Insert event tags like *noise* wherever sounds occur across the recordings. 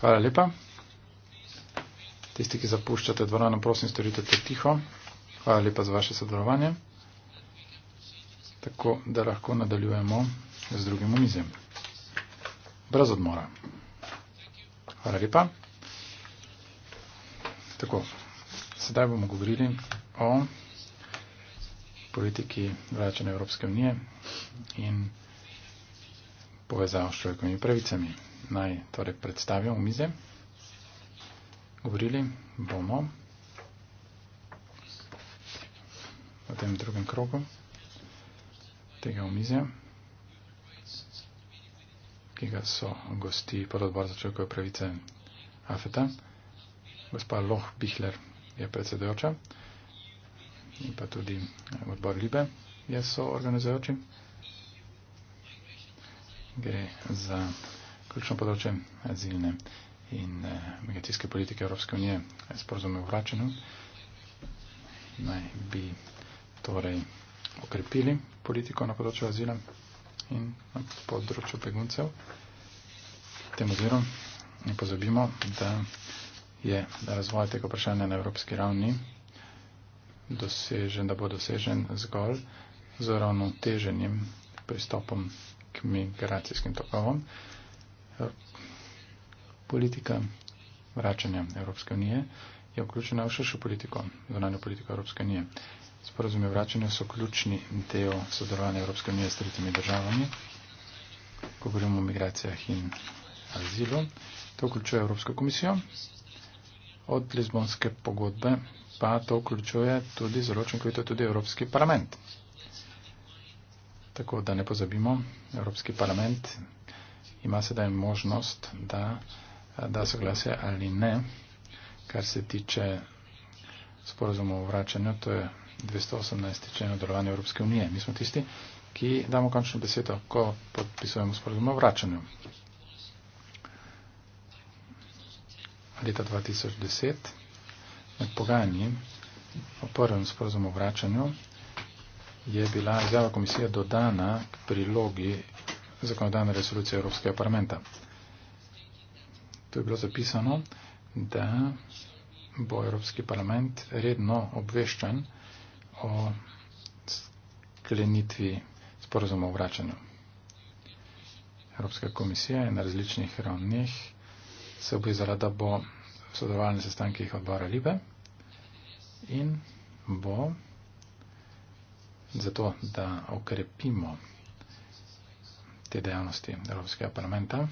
Hvala lepa. Tisti, ki zapuščate dvorano, prosim, storite to tiho. Hvala lepa za vaše sodelovanje. Tako da lahko nadaljujemo z drugim omizjem. Brez odmora. Hvala lepa. Tako, sedaj bomo govorili o politiki vračanja Evropske unije in povezavo s človekovimi pravicami. Naj torej predstavim mize. Govorili bomo o tem drugem krogu tega omizja, ki ga so gosti pododbor za človekove pravice AFETA. Gospa Loh Bihler je predsedujoča in pa tudi odbor Libe je so organizujočim gre za ključno področje azilne in eh, migracijske politike Evropske unije, sporozume o vračanju, naj bi torej okrepili politiko na področju azila in na področju beguncev. Tem ozirom ne pozabimo, da je da razvoj tega vprašanja na evropski ravni dosežen, da bo dosežen zgolj z ravno teženjem pristopom k migracijskim tokovom. Politika vračanja Evropske unije je vključena v širšo politiko, zunanjo politiko Evropske unije. Sporazumi vračanja so ključni del sodelovanja Evropske unije s tretjimi državami. Ko govorimo o migracijah in azilu, to vključuje Evropsko komisijo. Od Lizbonske pogodbe pa to vključuje tudi zelo učinkovito tudi Evropski parlament. Tako da ne pozabimo, Evropski parlament ima sedaj možnost, da da soglasje ali ne, kar se tiče sporozumov o vračanju, to je 218. člen odrovanja Evropske unije. Mi smo tisti, ki damo končno besedo, ko podpisujemo sporozum o vračanju. Leta 2010 med pogajanji o prvem sporozumu o vračanju je bila izjava komisije dodana k prilogi zakonodajne resolucije Evropskega parlamenta. Tu je bilo zapisano, da bo Evropski parlament redno obveščen o sklenitvi sporozuma o vračanju. Evropska komisija je na različnih ravnih se obvezala, da bo sodelovala na sestankih odbora Libe in bo zato, da okrepimo te dejavnosti Evropskega parlamenta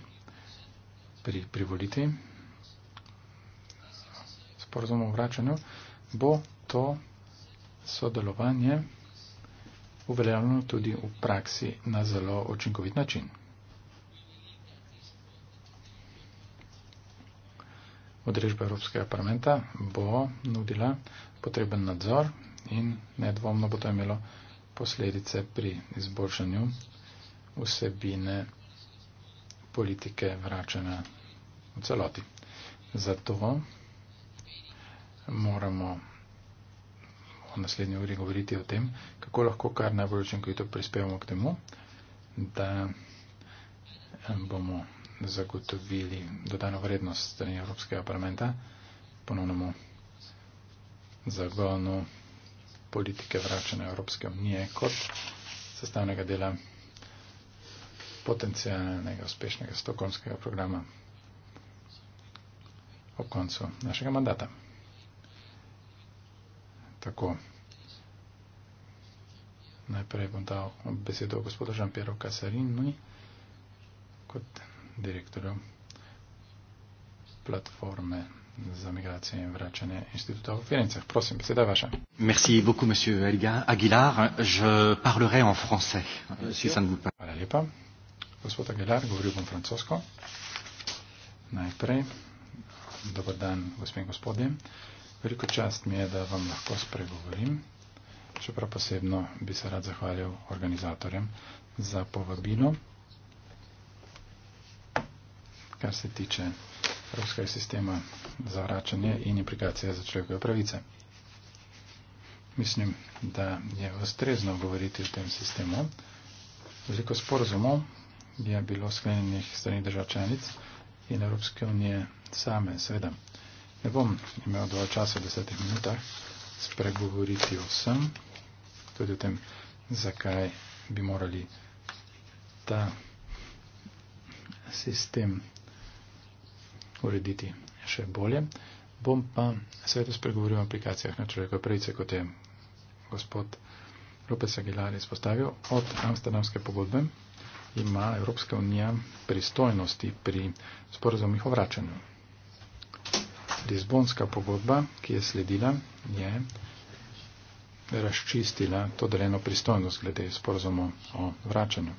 pri privolitvi sporozumu o vračanju, bo to sodelovanje uveljavljeno tudi v praksi na zelo učinkovit način. Odrežba Evropskega parlamenta bo nudila potreben nadzor in nedvomno bo to imelo posledice pri izboljšanju vsebine politike vračanja v celoti. Zato moramo v naslednji uri govoriti o tem, kako lahko kar najbolj učinkovito prispevamo k temu, da bomo zagotovili dodano vrednost strani Evropskega parlamenta ponovnemu zagonu politike vračanja Evropske unije kot sestavnega dela potencijalnega uspešnega stokonskega programa ob koncu našega mandata. Tako. Najprej bom dal besedo gospodu Žampjeru Kasarinu kot direktorju platforme za migracije in vračanje inštituta v Firencah. Prosim, beseda je vaša. Merci beaucoup, monsieur Elga Aguilar. Je parlerai en français, si ça ne vous plaît. Hvala lepa. Gospod Aguilar, govoril bom francosko. Najprej, dober dan, gospod in gospodje. Veliko čast mi je, da vam lahko spregovorim. Čeprav posebno bi se rad zahvalil organizatorjem za povabilo, kar se tiče ruskega sistema zavračanje in implikacije za človekove pravice. Mislim, da je ustrezno govoriti o tem sistemu. Veliko sporozumov je bilo sklenjenih strani držav članic in Evropske unije same, seveda. Ne bom imel dovolj časa v desetih minutah spregovoriti o vsem, tudi o tem, zakaj bi morali ta sistem urediti še bolje. Bom pa seveda spregovoril o aplikacijah na človekove pravice, kot je gospod Lopes Aguilar izpostavil. Od Amsterdamske pogodbe ima Evropska unija pristojnosti pri sporozumih o vračanju. Lizbonska pogodba, ki je sledila, je razčistila to deljeno pristojnost glede sporozumov o vračanju.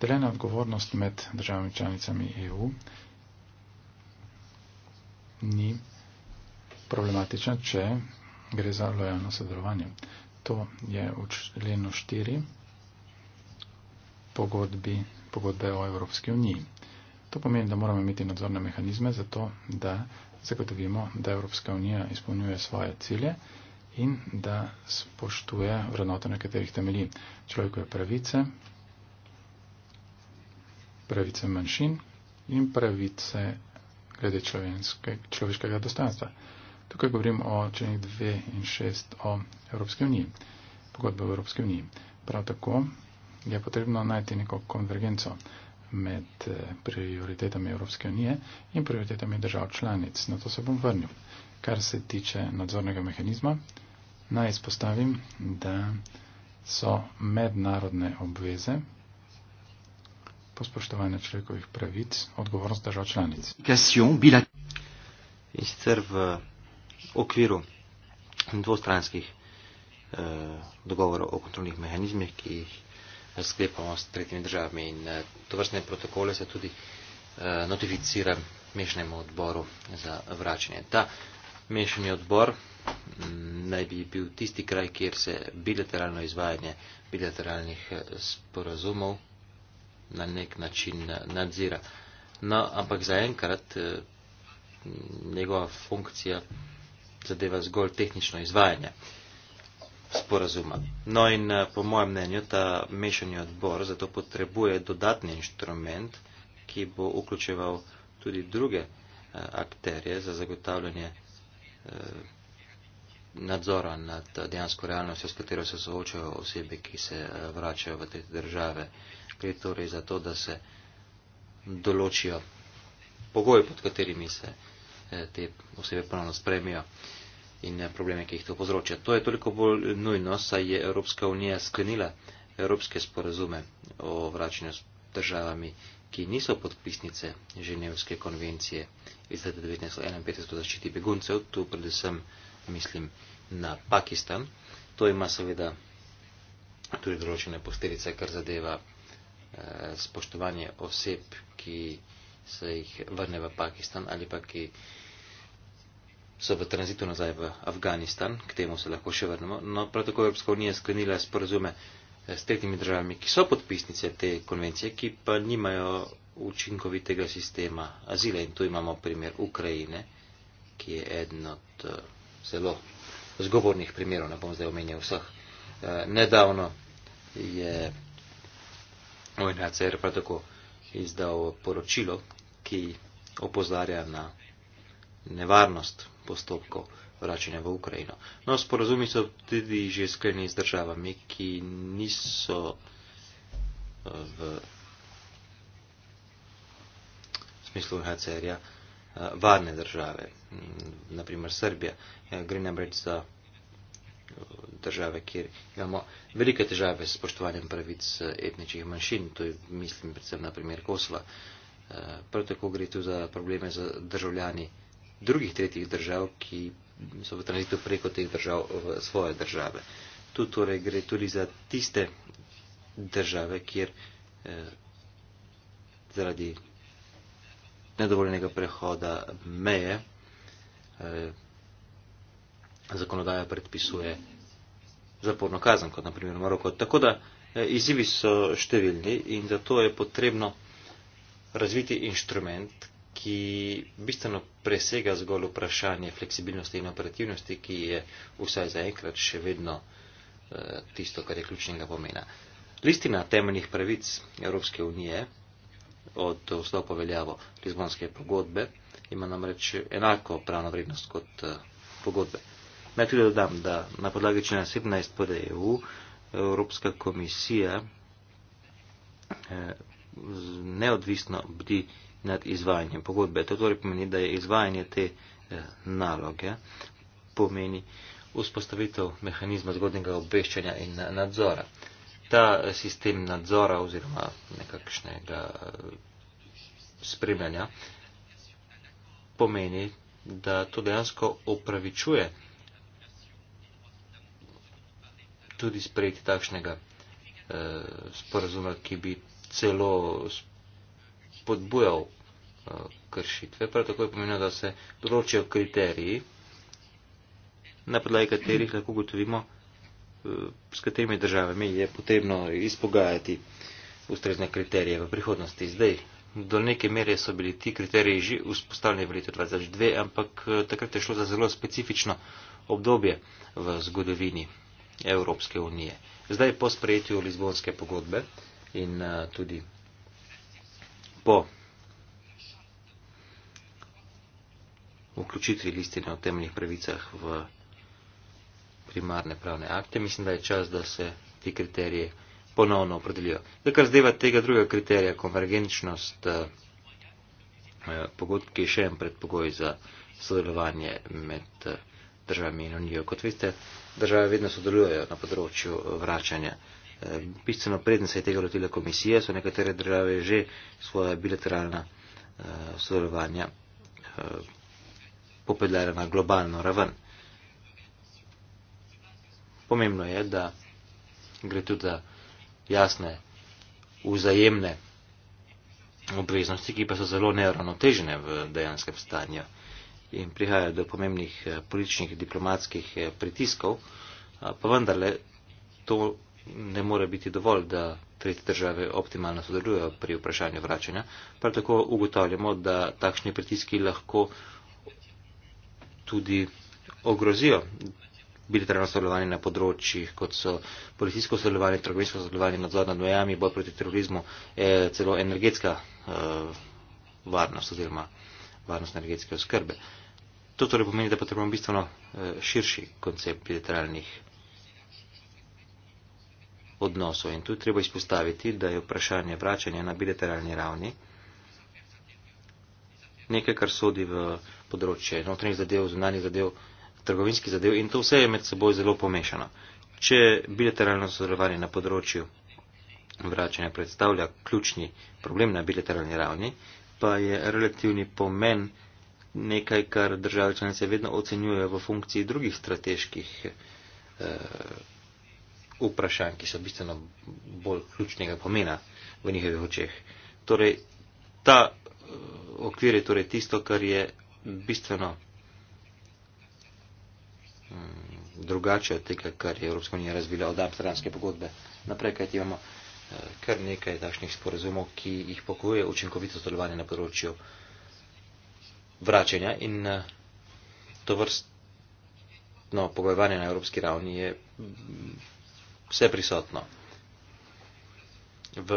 Deljena odgovornost med državami članicami EU ni problematična, če gre za lojalno sodelovanje. To je v členu 4 pogodbi, pogodbe o Evropski uniji. To pomeni, da moramo imeti nadzorne mehanizme za to, da zagotovimo, da Evropska unija izpolnjuje svoje cilje in da spoštuje vrednote, na katerih temelji človekove pravice, pravice manjšin in pravice glede človeškega dostanstva. Tukaj govorim o členih 2 in 6 o Evropske unije, pogodbe v Evropske unije. Prav tako je potrebno najti neko konvergenco med eh, prioritetami Evropske unije in prioritetami držav članic. Na to se bom vrnil. Kar se tiče nadzornega mehanizma, naj izpostavim, da so mednarodne obveze po spoštovanju človekovih pravic, odgovornost držav članic. In sicer v okviru dvostranskih eh, dogovorov o kontrolnih mehanizmih, ki jih sklepamo s tretjimi državami in eh, tovrstne protokole se tudi eh, notificira mešnemu odboru za vračanje. Ta mešani odbor mm, naj bi bil tisti kraj, kjer se bilateralno izvajanje bilateralnih eh, sporazumov na nek način nadzira. No, ampak zaenkrat eh, njegova funkcija zadeva zgolj tehnično izvajanje sporazuma. No in eh, po mojem mnenju ta mešanji odbor zato potrebuje dodatni inštrument, ki bo vključeval tudi druge eh, akterje za zagotavljanje nadzora nad dejansko realnostjo, s katero se soočajo osebe, ki se vračajo v te države. Gre torej za to, da se določijo pogoje, pod katerimi se eh, te osebe ponovno spremijo in eh, probleme, ki jih to povzroča. To je toliko bolj nujno, saj je Evropska unija sklenila evropske sporazume o vračanju s državami, ki niso podpisnice Ženevske konvencije iz leta 1951 o zaščiti beguncev. Tu predvsem mislim na Pakistan. To ima seveda tudi določene posledice, kar zadeva Eh, spoštovanje oseb, ki se jih vrne v Pakistan ali pa ki so v tranzitu nazaj v Afganistan, k temu se lahko še vrnemo. No, prav tako Evropska unija sklenila sporozume eh, s tretjimi državami, ki so podpisnice te konvencije, ki pa nimajo učinkovitega sistema azila. In tu imamo primer Ukrajine, ki je eden od eh, zelo zgovornih primerov, ne bom zdaj omenjal vseh. Nedavno je ONHCR prav tako izdal poročilo, ki opozarja na nevarnost postopkov vračanja v Ukrajino. No, sporozumi so tudi že sklenjeni z državami, ki niso eh, v smislu ONHCR-ja eh, varne države, naprimer Srbija. Gre namreč za države, kjer imamo velike težave s spoštovanjem pravic eh, etničnih manjšin, to je mislim predvsem na primer Kosova. Eh, prav tako gre tu za probleme za državljani drugih tretjih držav, ki so v tranzitu preko teh držav v eh, svoje države. Tu torej gre tudi za tiste države, kjer zaradi nedovoljenega prehoda meje zakonodaja predpisuje zaporno kazen, kot naprimer Maroko. Tako da e, izzivi so številni in zato je potrebno razviti inštrument, ki bistveno presega zgolj vprašanje fleksibilnosti in operativnosti, ki je vsaj zaenkrat še vedno e, tisto, kar je ključnega pomena. Listina temeljnih pravic Evropske unije od vstopa veljavo Lizbonske pogodbe ima namreč enako pravno vrednost kot e, pogodbe. Naj tudi dodam, da na podlagi člena 17 PDEU Evropska komisija eh, neodvisno bdi nad izvajanjem pogodbe. To torej pomeni, da je izvajanje te eh, naloge pomeni vzpostavitev mehanizma zgodnjega obveščanja in eh, nadzora. Ta sistem nadzora oziroma nekakšnega spremljanja pomeni, da to dejansko upravičuje tudi sprejeti takšnega eh, sporazuma, ki bi celo podbujal eh, kršitve. Prav tako je pomenilo, da se določijo kriteriji, na podlagi katerih lahko gotovimo, eh, s katerimi državami je potrebno izpogajati ustrezne kriterije v prihodnosti. Zdaj, do neke mere so bili ti kriteriji že vzpostavljeni v letu 2002, ampak eh, takrat je šlo za zelo specifično obdobje v zgodovini Evropske unije. Zdaj po sprejetju Lizbonske pogodbe in eh, tudi po vključitvi listine o temeljnih pravicah v primarne pravne akte, mislim, da je čas, da se ti kriteriji ponovno opredelijo. Zdaj, kar zdaj tega drugega kriterija, konvergenčnost eh, eh, pogodb, ki je še en predpogoj za sodelovanje med državami in unijo. Kot veste, države vedno sodelujejo na področju eh, vračanja. Eh, bistveno predn se je tega lotila komisija, so nekatere države že svoje bilateralna eh, sodelovanja popedlale na globalno raven. Pomembno je, da gre tudi za jasne, vzajemne obveznosti, ki pa so zelo neravnotežene v dejanskem stanju in prihaja do pomembnih eh, političnih diplomatskih eh, pritiskov, eh, pa vendarle to ne more biti dovolj, da tretje države optimalno sodelujejo pri vprašanju vračanja. Prav tako ugotavljamo, da takšni pritiski lahko tudi ogrozijo bilateralno sodelovanje na področjih, kot so policijsko sodelovanje, trgovinsko sodelovanje, nadzor nad mejami, boj proti terorizmu, celo energetska varnost oziroma varnost energetske oskrbe. To torej pomeni, da potrebujemo bistveno eh, širši koncept bilateralnih odnosov. In tu treba izpostaviti, da je vprašanje vračanja na bilateralni ravni nekaj, kar sodi v področje notranjih zadev, zunanjih zadev, trgovinskih zadev in to vse je med seboj zelo pomešano. Če bilateralno sodelovanje na področju vračanja predstavlja ključni problem na bilateralni ravni, pa je relativni pomen nekaj, kar države članice vedno ocenjujejo v funkciji drugih strateških eh, vprašanj, ki so bistveno bolj ključnega pomena v njihovih očeh. Torej, ta eh, okvir je torej tisto, kar je bistveno hm, drugače od tega, kar je Evropska unija razvila od Amsterdamske pogodbe. Naprej, kaj ti imamo? kar nekaj takšnih sporazumov, ki jih pokoje učinkovito sodelovanje na področju vračanja in eh, to vrstno pogojevanje na evropski ravni je mm, vse prisotno. V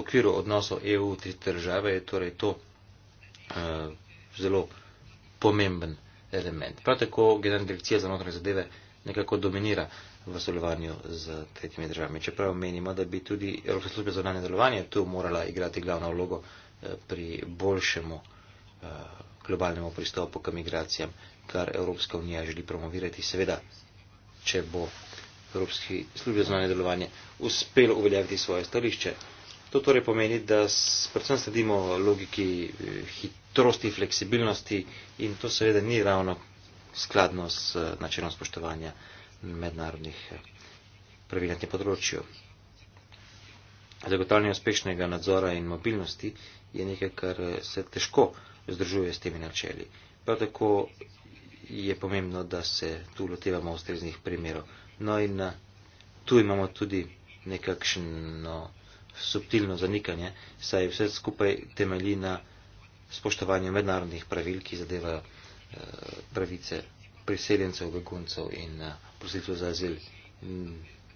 okviru odnosov EU tri države je torej to uh, zelo pomemben element. Prav tako generalna direkcija za notranje zadeve nekako dominira v sodelovanju z tretjimi državami. Čeprav menimo, da bi tudi Evropska služba za zunanje delovanje tu morala igrati glavno vlogo eh, pri boljšemu eh, globalnemu pristopu k migracijam, kar Evropska unija želi promovirati. Seveda, če bo Evropski službi za zunanje delovanje uspelo uveljaviti svoje stališče, to torej pomeni, da s, predvsem sledimo logiki eh, hitrosti, fleksibilnosti in to seveda ni ravno skladno s načelom spoštovanja mednarodnih eh, pravil na tem področju. Zagotavljanje uspešnega nadzora in mobilnosti je nekaj, kar eh, se težko združuje s temi načeli. Prav tako je pomembno, da se tu lotevamo ustreznih primerov. No in eh, tu imamo tudi nekakšno subtilno zanikanje, saj vse skupaj temelji na spoštovanju mednarodnih pravil, ki zadevajo pravice priseljencev, beguncev in eh, prositev za azil.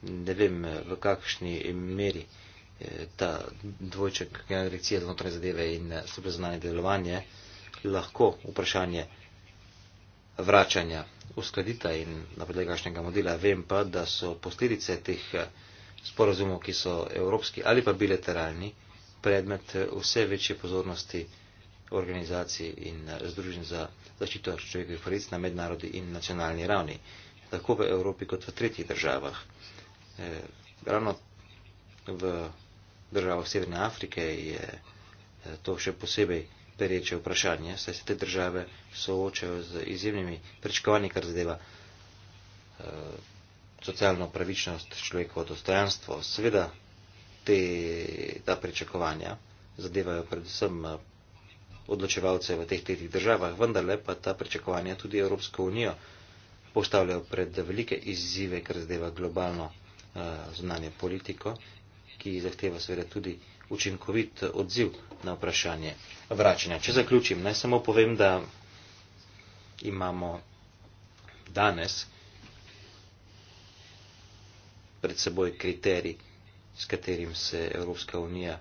Ne vem, eh, v kakšni meri eh, ta dvojček generacije za notranje zadeve in sobrezanje delovanje lahko vprašanje vračanja uskladita in na podlagi kakšnega modela. Vem pa, da so posledice teh sporazumov, ki so evropski ali pa bilateralni, predmet vse večje pozornosti organizacij in eh, združenj za zaščito človekovih pravic na mednarodni in nacionalni ravni, tako v Evropi kot v tretjih državah. Eh, ravno v državah Severne Afrike je eh, to še posebej pereče vprašanje, saj se te države soočajo z izjemnimi prečkovanji, kar zadeva socialno pravičnost, človekovo dostojanstvo. Seveda, te, ta prečakovanja zadevajo predvsem odločevalce v teh tretjih državah, vendarle pa ta pričakovanja tudi Evropsko unijo postavljajo pred velike izzive, kar zadeva globalno uh, zunanje politiko, ki zahteva seveda tudi učinkovit odziv na vprašanje vračanja. Če zaključim, naj samo povem, da imamo danes pred seboj kriterij, s katerim se Evropska unija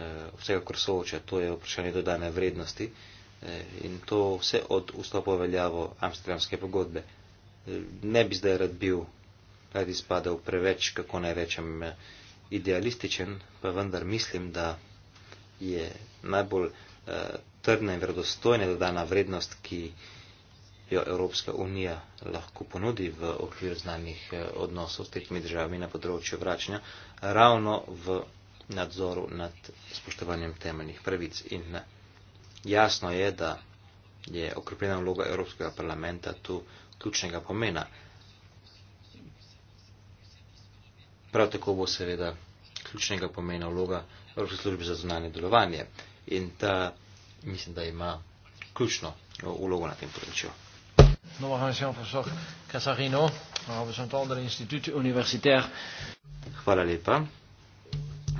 Eh, vsega, kar sooča, to je vprašanje dodane vrednosti eh, in to vse od vstopa veljavo amsterdamske pogodbe. Eh, ne bi zdaj rad bil, rad izpadal preveč, kako naj rečem, idealističen, pa vendar mislim, da je najbolj trdna in verodostojna dodana vrednost, ki jo Evropska unija lahko ponudi v okviru znanih odnosov s tretjimi državami na področju vračanja, ravno v nadzoru nad spoštovanjem temeljnih pravic. In jasno je, da je okrepljena vloga Evropskega parlamenta tu ključnega pomena. Prav tako bo seveda ključnega pomena vloga Evropske službe za zunanje delovanje in ta mislim, da ima ključno vlogo na tem področju. Hvala lepa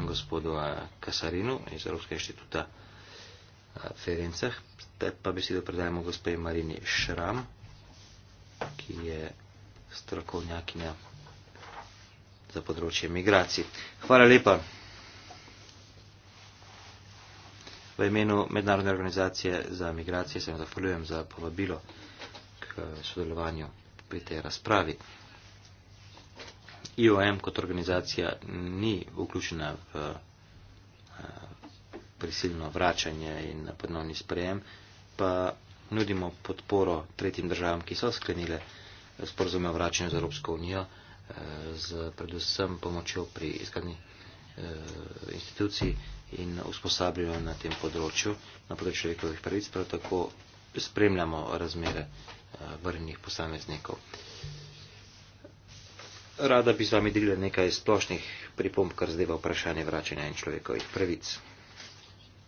gospodu Kasarinu eh, iz Evropskega inštituta v Ferencah. Zdaj pa besedo predajamo gospe Marini Šram, ki je strokovnjakinja za področje migracij. Hvala lepa. V imenu Mednarodne organizacije za migracije se vam zahvaljujem za povabilo k sodelovanju pri tej razpravi. IOM kot organizacija ni vključena v eh, prisilno vračanje in ponovni sprejem, pa nudimo podporo tretjim državam, ki so sklenile sporozume o vračanju z Evropsko unijo, eh, z predvsem pomočjo pri iskanju eh, institucij in usposabljajo na tem področju, na področju človekovih pravic, prav tako spremljamo razmere vrnih posameznikov rada bi z vami delila nekaj splošnih pripomb, kar zdaj v vprašanje vračanja in človekovih pravic.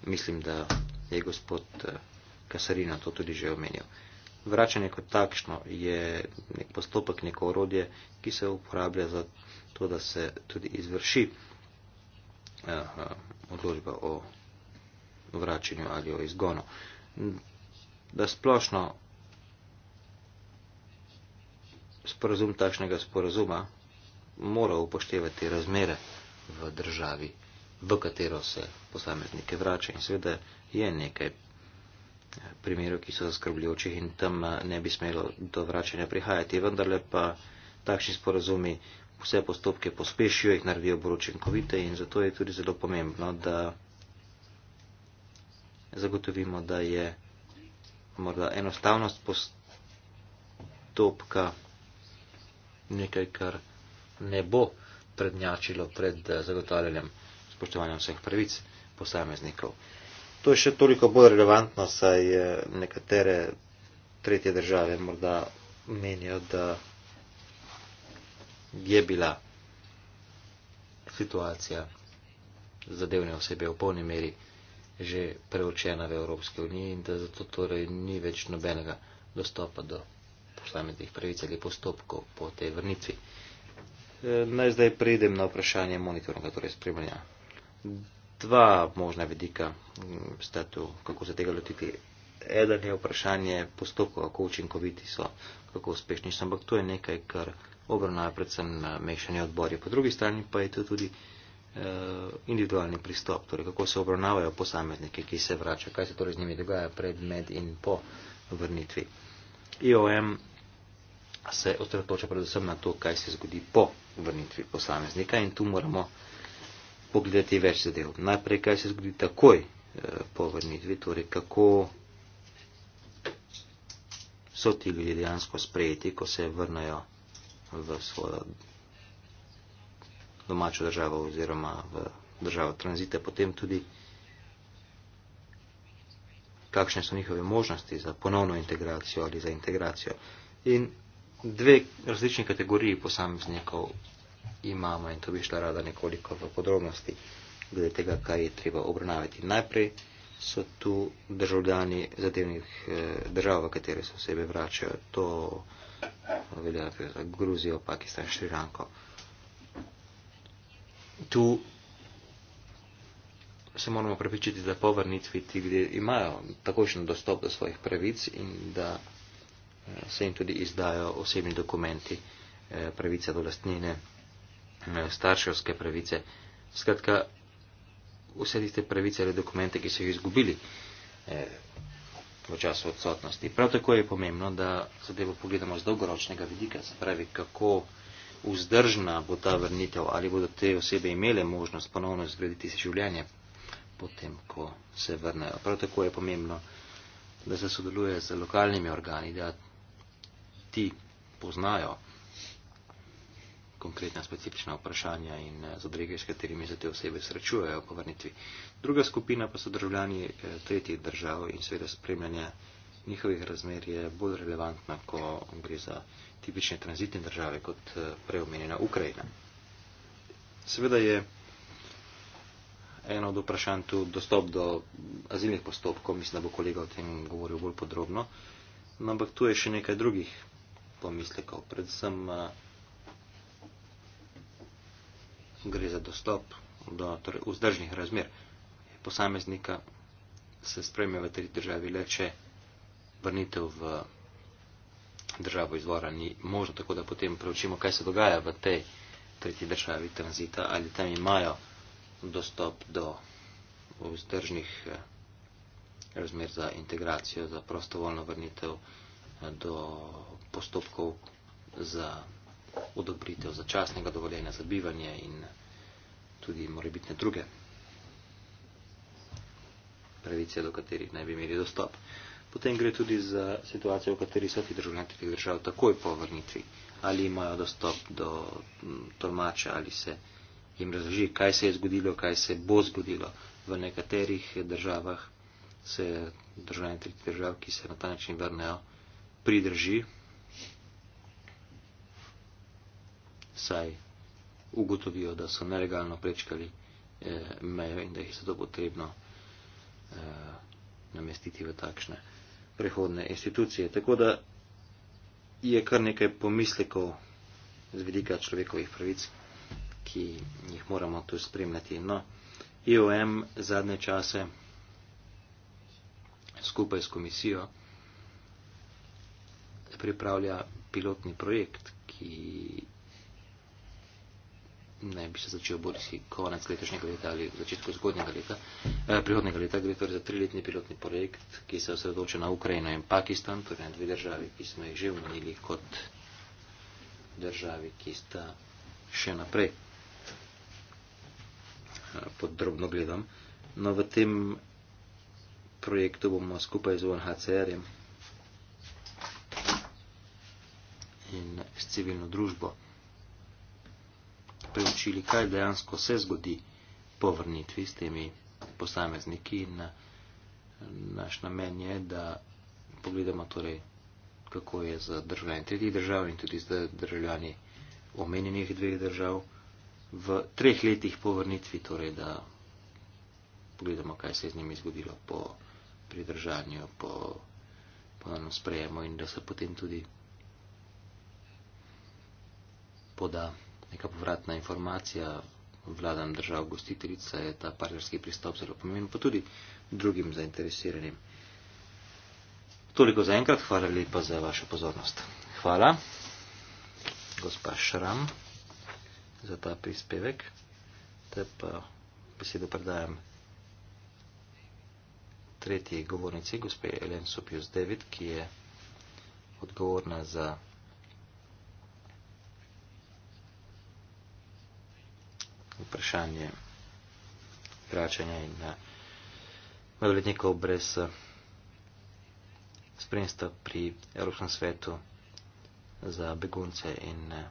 Mislim, da je gospod eh, Kasarina to tudi že omenil. Vračanje kot takšno je nek postopek, neko orodje, ki se uporablja za to, da se tudi izvrši eh, eh odločba o vračanju ali o izgonu. Da splošno sporazum takšnega sporazuma mora upoštevati razmere v državi, v katero se posameznike vrača. In seveda je nekaj eh, primerov, ki so zaskrbljujočih in tam eh, ne bi smelo do vračanja prihajati. Vendarle pa takšni sporazumi vse postopke pospešijo, jih naredijo bolj učinkovite in zato je tudi zelo pomembno, da zagotovimo, da je morda enostavnost postopka nekaj, kar ne bo prednjačilo pred eh, zagotavljanjem spoštovanja vseh pravic posameznikov. To je še toliko bolj relevantno, saj eh, nekatere tretje države morda menijo, da je bila situacija zadevne osebe v polni meri že preučena v Evropski uniji in da zato torej ni več nobenega dostopa do posameznih pravic ali postopkov po tej vrnitvi naj zdaj predem na vprašanje monitoringa, torej spremljanja. Dva možna vidika mm, sta tu, kako se tega lotiti. Eden je vprašanje postopkov, kako učinkoviti so, kako uspešni so, ampak to je nekaj, kar obrnajo predvsem mešanje odborje. Po drugi strani pa je to tudi eh, individualni pristop, torej kako se obravnavajo posameznike, ki se vračajo, kaj se torej z njimi dogaja pred, med in po vrnitvi. IOM se osredotoča predvsem na to, kaj se zgodi po vrnitvi posameznika in tu moramo pogledati več zadev. Najprej, kaj se zgodi takoj eh, po vrnitvi, torej kako so ti ljudje dejansko sprejeti, ko se vrnajo v svojo domačo državo oziroma v državo tranzite, potem tudi kakšne so njihove možnosti za ponovno integracijo ali za integracijo. In dve različni kategoriji posameznikov imamo in to bi šla rada nekoliko v podrobnosti glede tega, kaj je treba obravnavati. Najprej so tu državljani zadevnih eh, držav, v katere se osebe vračajo. To eh, velja za Gruzijo, Pakistan, Šriranko. Tu se moramo prepričati, da po vrnitvi ti ljudje imajo takošen dostop do svojih pravic in da se jim tudi izdajo osebni dokumenti, eh, pravice do lastnine, eh, starševske pravice. Skratka, vse tiste pravice ali dokumente, ki so jih izgubili eh, v času odsotnosti. Prav tako je pomembno, da zadevo pogledamo z dolgoročnega vidika, se pravi, kako vzdržna bo ta vrnitev, ali bodo te osebe imele možnost ponovno zgraditi si življenje, potem, ko se vrnejo. Prav tako je pomembno, da se sodeluje z lokalnimi organi, da ti poznajo konkretna specifična vprašanja in eh, zadrege, s katerimi se te osebe srečujejo po vrnitvi. Druga skupina pa so državljani eh, tretjih držav in seveda spremljanje njihovih razmer je bolj relevantna, ko gre za tipične tranzitne države kot eh, preomenjena Ukrajina. Seveda je eno od vprašanj tu dostop do azilnih postopkov, mislim, da bo kolega o tem govoril bolj podrobno, no, ampak tu je še nekaj drugih pomislekov. Predvsem eh, gre za dostop do torej, vzdržnih razmer. Posameznika se spremlja v tej državi le, če vrnitev v državo izvora ni možno, tako da potem preučimo, kaj se dogaja v tej tretji državi tranzita, ali tam imajo dostop do vzdržnih eh, razmer za integracijo, za prostovoljno vrnitev do postopkov za odobritev začasnega dovoljenja za bivanje in tudi morebitne druge pravice, do katerih naj bi imeli dostop. Potem gre tudi za situacijo, v kateri so ti državljani teh držav takoj po vrnitvi, ali imajo dostop do tolmača, ali se jim razloži, kaj se je zgodilo, kaj se bo zgodilo. V nekaterih državah se državljani teh držav, ki se na ta način vrnejo, pridrži, saj ugotovijo, da so nelegalno prečkali eh, meje in da jih je to potrebno eh, namestiti v takšne prehodne institucije. Tako da je kar nekaj pomislekov z vidika človekovih pravic, ki jih moramo tu spremljati. No, IOM zadnje čase skupaj s komisijo pripravlja pilotni projekt, ki naj bi se začel bolj si konec letošnjega leta ali začetku zgodnjega leta, eh, prihodnega leta, gre torej za triletni pilotni projekt, ki se osredotoča na Ukrajino in Pakistan, torej na dve državi, ki smo jih že omenili kot državi, ki sta še naprej eh, pod drobno gledom. No, v tem projektu bomo skupaj z UNHCR-jem in s civilno družbo preučili, kaj dejansko se zgodi po vrnitvi s temi posamezniki in naš namen je, da pogledamo torej, kako je z državljani tretjih držav in tudi z državljani omenjenih dveh držav v treh letih po vrnitvi, torej da pogledamo, kaj se je z njimi zgodilo po pridržanju, po ponovnem sprejemu in da se potem tudi gospoda neka povratna informacija vladam držav gostiteljica, je ta partnerski pristop zelo pomemben, pa tudi drugim zainteresiranim. Toliko za enkrat, hvala lepa za vašo pozornost. Hvala, gospa Šram, za ta prispevek. Te pa besedo predajam tretji govornici, gospe Elen Supius David, ki je odgovorna za vprašanje vračanja in eh, mladoletnikov brez eh, spremstva pri Evropskem svetu za begunce in eh,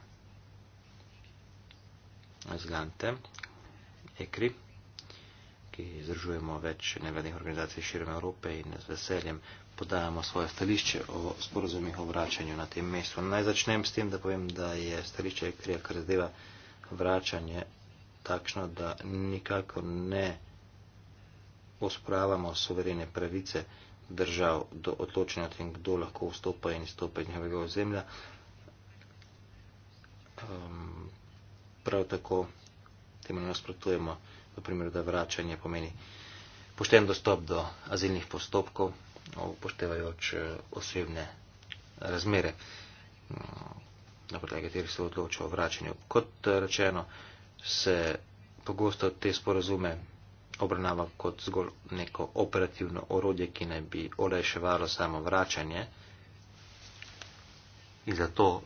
azilante, ekri, ki združujemo več nevladnih organizacij širom Evrope in z veseljem podajamo svoje stališče o sporozumih o vračanju na tem mestu. Naj začnem s tem, da povem, da je stališče ekrija, kar zadeva vračanje takšna, da nikako ne osporavamo suverene pravice držav do odločenja o tem, kdo lahko vstopa in izstopa iz njihovega ozemlja. Um, prav tako temu nasprotujemo v primeru, da vračanje pomeni pošten dostop do azilnih postopkov, upoštevajoč eh, osebne razmere, mm, na podlagi katerih se odloča o vračanju. Kot eh, rečeno, uh, se pogosto te sporazume obravnava kot zgolj neko operativno orodje, ki naj bi olajševalo samo vračanje. In zato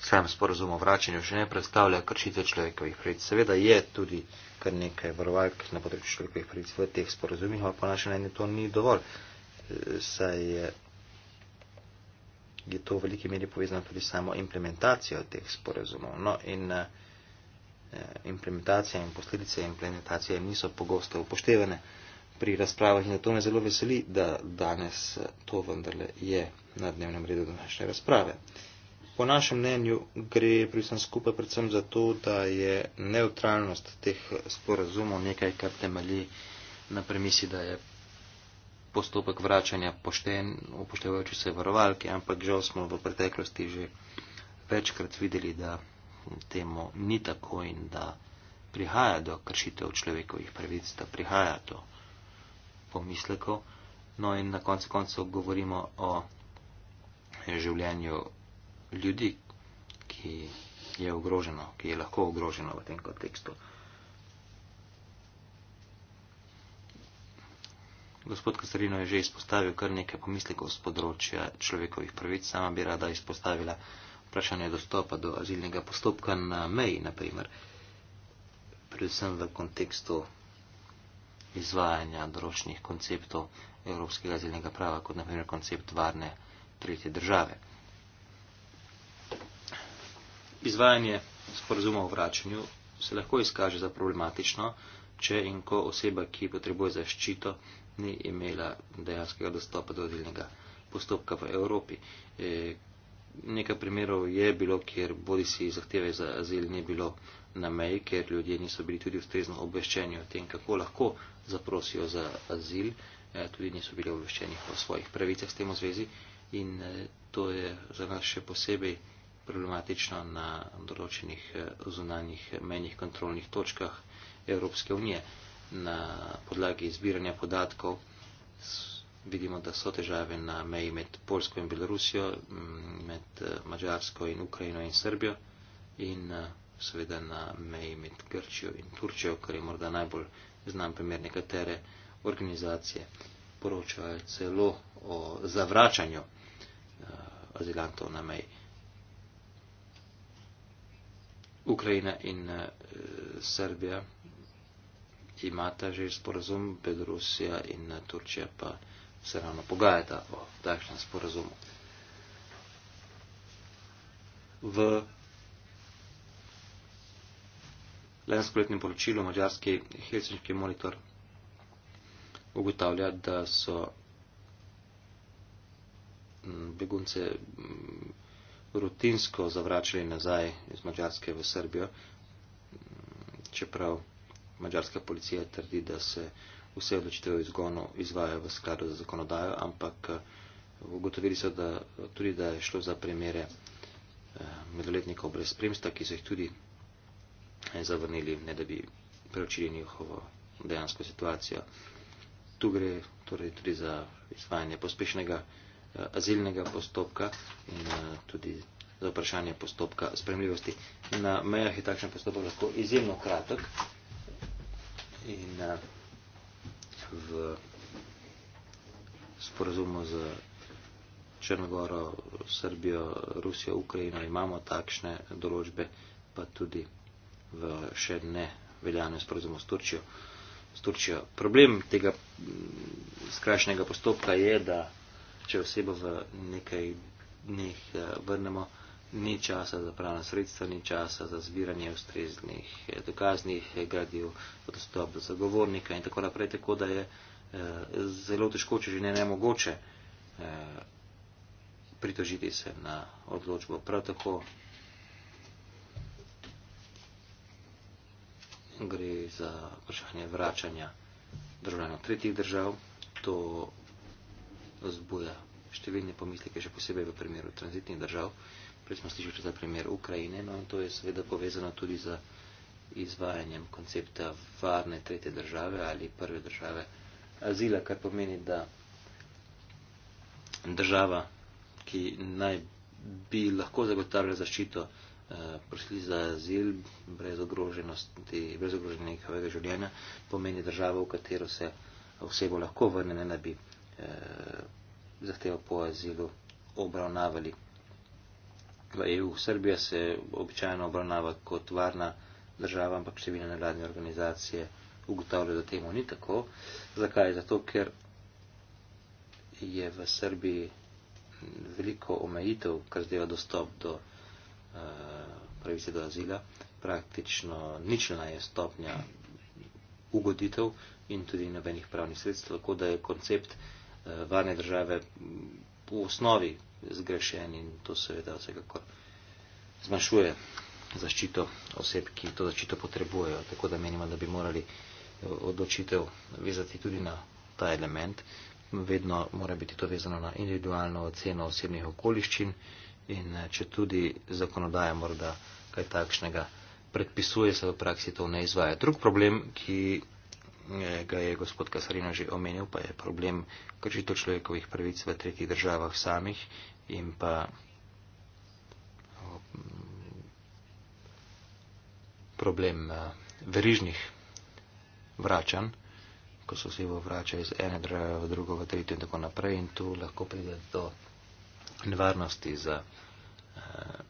sam sporazum o vračanju še ne predstavlja kršitve človekovih pravic. Seveda je tudi kar nekaj varovalk na področju človekovih pravic v teh sporazumih, ampak po našem mnenju to ni dovolj. Eh, saj je, je to v veliki meri povezano tudi samo implementacijo teh sporazumov. No, in, uh, Eh, implementacija in posledice implementacije niso pogosto upoštevane pri razpravah in zato me zelo veseli, da danes eh, to vendarle je na dnevnem redu današnje razprave. Po našem mnenju gre pri vsem skupaj predvsem za to, da je neutralnost teh sporazumov nekaj, kar temelji na premisi, da je postopek vračanja pošten, upoštevajoči se varovalke, ampak žal smo v preteklosti že večkrat videli, da temu ni tako in da prihaja do kršitev človekovih pravic, da prihaja do pomislekov. No in na koncu koncev govorimo o življenju ljudi, ki je ogroženo, ki je lahko ogroženo v tem kontekstu. Gospod Kasarino je že izpostavil kar nekaj pomislekov z področja človekovih pravic, sama bi rada izpostavila vprašanje dostopa do azilnega postopka na meji, naprimer, predvsem v kontekstu izvajanja določenih konceptov evropskega azilnega prava, kot naprimer koncept varne tretje države. Izvajanje sporazuma o vračanju se lahko izkaže za problematično, če in ko oseba, ki potrebuje zaščito, ni imela dejanskega dostopa do azilnega postopka v Evropi. E, nekaj primerov je bilo, kjer bodi si zahteve za azil ne bilo na meji, ker ljudje niso bili tudi ustrezno obveščeni o tem, kako lahko zaprosijo za azil, eh, tudi niso bili obveščeni o svojih pravicah s tem v zvezi in eh, to je za nas še posebej problematično na določenih eh, zunanjih menjih kontrolnih točkah Evropske unije. Na podlagi zbiranja podatkov vidimo, da so težave na meji med Polsko in Belorusijo, mm, med eh, Mačarsko in Ukrajino in Srbijo in eh, seveda na meji med Grčijo in Turčijo, kar je morda najbolj znan primer nekatere organizacije. Poročajo celo o zavračanju eh, azilantov na meji. Ukrajina in Srbija imata že sporazum, Belorusija in Turčija pa se ravno pogajata o takšnem sporazumu. V lanskoletnem poročilu mađarski helsinški monitor ugotavlja, da so mm, begunce mm, rutinsko zavračali nazaj iz Mačarske v Srbijo, mm, čeprav mađarska policija trdi, da se vse odločitev o izgonu izvajajo v skladu z zakonodajo, ampak eh, ugotovili so, da tudi da je šlo za primere eh, medoletnikov brez spremstva, ki so jih tudi eh, zavrnili, ne da bi preučili njihovo dejansko situacijo. Tu gre torej tudi za izvajanje pospešnega azilnega postopka in tudi za vprašanje postopka spremljivosti. Na mejah je takšen postopek lahko izjemno kratek in uh, v sporazumu z Črnogoro, Srbijo, Rusijo, Ukrajino imamo takšne določbe, pa tudi v še ne veljavnem sporazumu s Turčijo. S Turčijo. Problem tega mm, skrajšnega postopka je, da če osebo v nekaj dneh eh, vrnemo, ni časa za pravna sredstva, ni časa za zbiranje ustreznih eh, dokaznih eh, gradiv, dostop do zagovornika in tako naprej, tako da je eh, zelo težko, če že ne nemogoče pritožiti se na odločbo. Prav tako gre za vprašanje vračanja državljanov tretjih držav. To zbuja številne pomisleke, še posebej v primeru tranzitnih držav prej smo slišali za primer Ukrajine, no in to je seveda povezano tudi z izvajanjem koncepta varne tretje države ali prve države azila, kar pomeni, da država, ki naj bi lahko zagotavljala zaščito eh, prosili za azil brez ogroženosti, brez ogroženja njihovega življenja, pomeni država, v katero se osebo lahko vrne, ne da bi eh, zahtevo po azilu obravnavali v EU. Srbija se običajno obravnava kot varna država, ampak številne nevladne organizacije ugotavljajo, da temu ni tako. Zakaj? Zato, ker je v Srbiji veliko omejitev, kar zdeva dostop do uh, pravice do azila, praktično ničelna je stopnja ugoditev in tudi nobenih pravnih sredstev, tako da je koncept uh, varne države v osnovi zgrešen in to seveda vsekakor zmanjšuje zaščito oseb, ki to zaščito potrebujejo. Tako da menimo, da bi morali eh, odločitev vezati tudi na ta element. Vedno mora biti to vezano na individualno oceno osebnih okoliščin in eh, če tudi zakonodaja morda kaj takšnega predpisuje, se v praksi to ne izvaja. Drug problem, ki Eh, ga je gospod Kasarino že omenil, pa je problem kršitev človekovih pravic v tretjih državah samih in pa problem eh, verižnih vračanj, ko so se vračali iz ene države v drugo, v tretjo in tako naprej in tu lahko pride do nevarnosti za eh,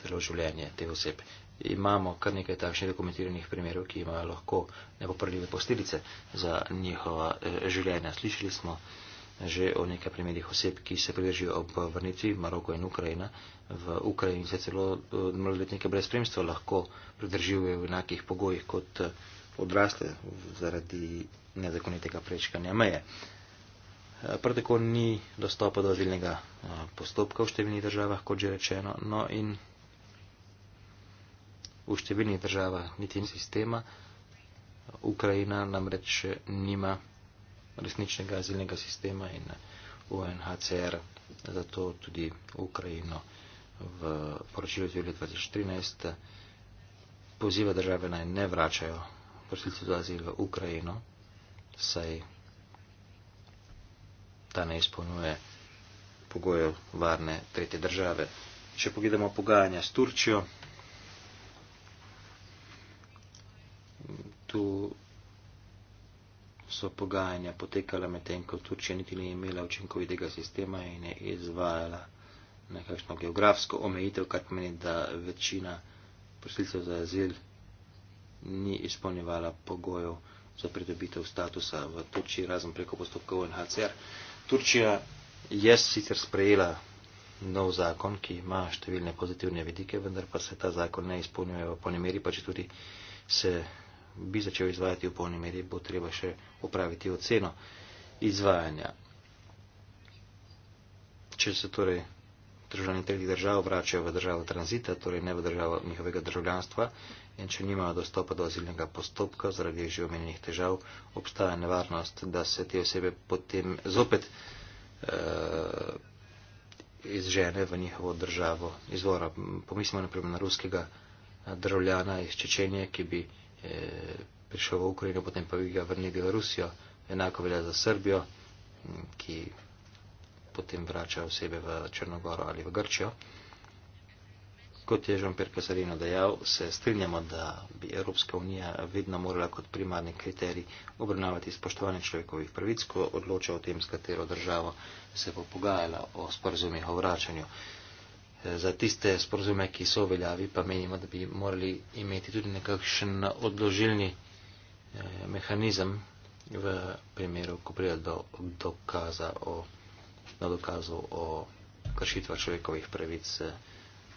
celo življenje te osebe imamo kar nekaj takšnih dokumentiranih primerov, ki imajo lahko nepoprljive posledice za njihova eh, življenja. Slišali smo že o nekaj primerih oseb, ki se pridržijo ob vrnitvi Maroko in Ukrajina. V Ukrajini se celo eh, mladoletnike brez spremstva lahko pridržijo v enakih pogojih kot eh, odrasle zaradi nezakonitega prečkanja meje. Prav tako ni dostopa do azilnega postopka v številnih državah, kot že rečeno. No in v številnih državah niti ni sistema. Ukrajina namreč nima resničnega azilnega sistema in UNHCR, zato tudi Ukrajino v poročilu 2013 poziva države naj ne vračajo prosilcev za azil v Ukrajino, saj ta ne izpolnjuje pogojev varne tretje države. Če pogledamo pogajanja s Turčijo, so pogajanja potekala medtem, ko Turčija niti ni imela učinkovitega sistema in je izvajala nekakšno geografsko omejitev, kar pomeni, da večina prosilcev za azil ni izpolnjevala pogojev za pridobitev statusa v Turčiji, razen preko postopkov NHCR. Turčija je sicer sprejela nov zakon, ki ima številne pozitivne vidike, vendar pa se ta zakon ne izpolnjuje v polni meri, pa če tudi se bi začel izvajati v polni meri, bo treba še upraviti oceno izvajanja. Če se torej državljani tretjih držav vračajo v državo tranzita, torej ne v državo njihovega državljanstva in če nimajo dostopa do azilnega postopka zaradi že omenjenih težav, obstaja nevarnost, da se te osebe potem zopet eh, izžene v njihovo državo izvora. Pomislimo naprimer na ruskega eh, državljana iz Čečenije, ki bi eh, prišel v Ukrajino, potem pa bi ga vrnil v Belorusijo. Enako velja za Srbijo, ki potem vrača osebe v Črnogoro ali v Grčijo. Kot je Žan Perkasarino dejal, se strinjamo, da bi Evropska unija vedno morala kot primarni kriterij obravnavati spoštovanje človekovih pravic, ko odloča o tem, s katero državo se bo pogajala o sporazumih o vračanju za tiste sporozume, ki so veljavi, pa menimo, da bi morali imeti tudi nekakšen odložilni eh, mehanizem v primeru, ko prije do, dokaza o, do dokazov o kršitvah človekovih pravic eh,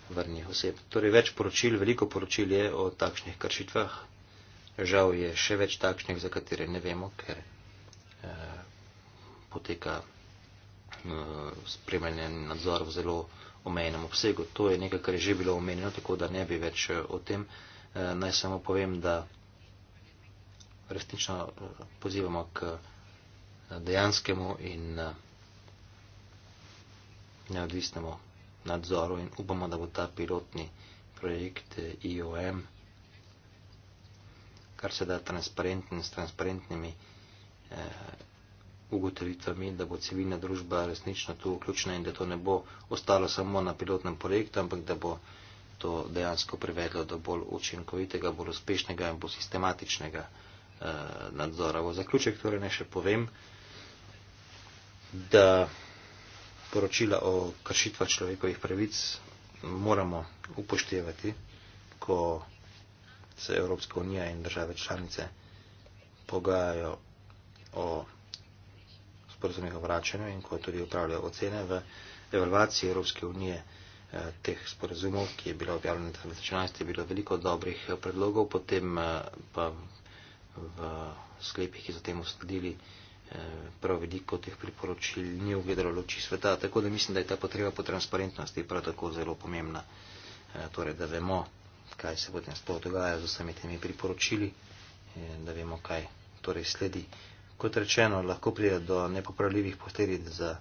vrnih oseb. Torej več poročil, veliko poročil je o takšnih kršitvah. Žal je še več takšnih, za katere ne vemo, ker eh, poteka eh, spremljen nadzor v zelo omejenem obsegu. To je nekaj, kar je že bilo omenjeno, tako da ne bi več eh, o tem. Eh, naj samo povem, da resnično eh, pozivamo k dejanskemu in neodvisnemu nadzoru in upamo, da bo ta pilotni projekt IOM kar se da transparenten s transparentnimi eh, ugotovitvami, da bo civilna družba resnično tu vključena in da to ne bo ostalo samo na pilotnem projektu, ampak da bo to dejansko privedlo do bolj učinkovitega, bolj uspešnega in bolj sistematičnega eh, nadzora. V zaključek torej ne še povem, da poročila o kršitvah človekovih pravic moramo upoštevati, ko se Evropska unija in države članice pogajajo o sporozumih o vračanju in ko tudi upravljajo ocene v evalvaciji Evropske unije eh, teh sporozumov, ki je bila objavljena 2014, je bilo veliko dobrih eh, predlogov, potem eh, pa v sklepih, ki so temu sledili, prav veliko teh priporočil ni uvedelo loči sveta, tako da mislim, da je ta potreba po transparentnosti prav tako zelo pomembna, torej da vemo, kaj se potem sploh dogaja z vsemi temi priporočili, da vemo, kaj torej sledi kot rečeno, lahko pride do nepopravljivih posledic za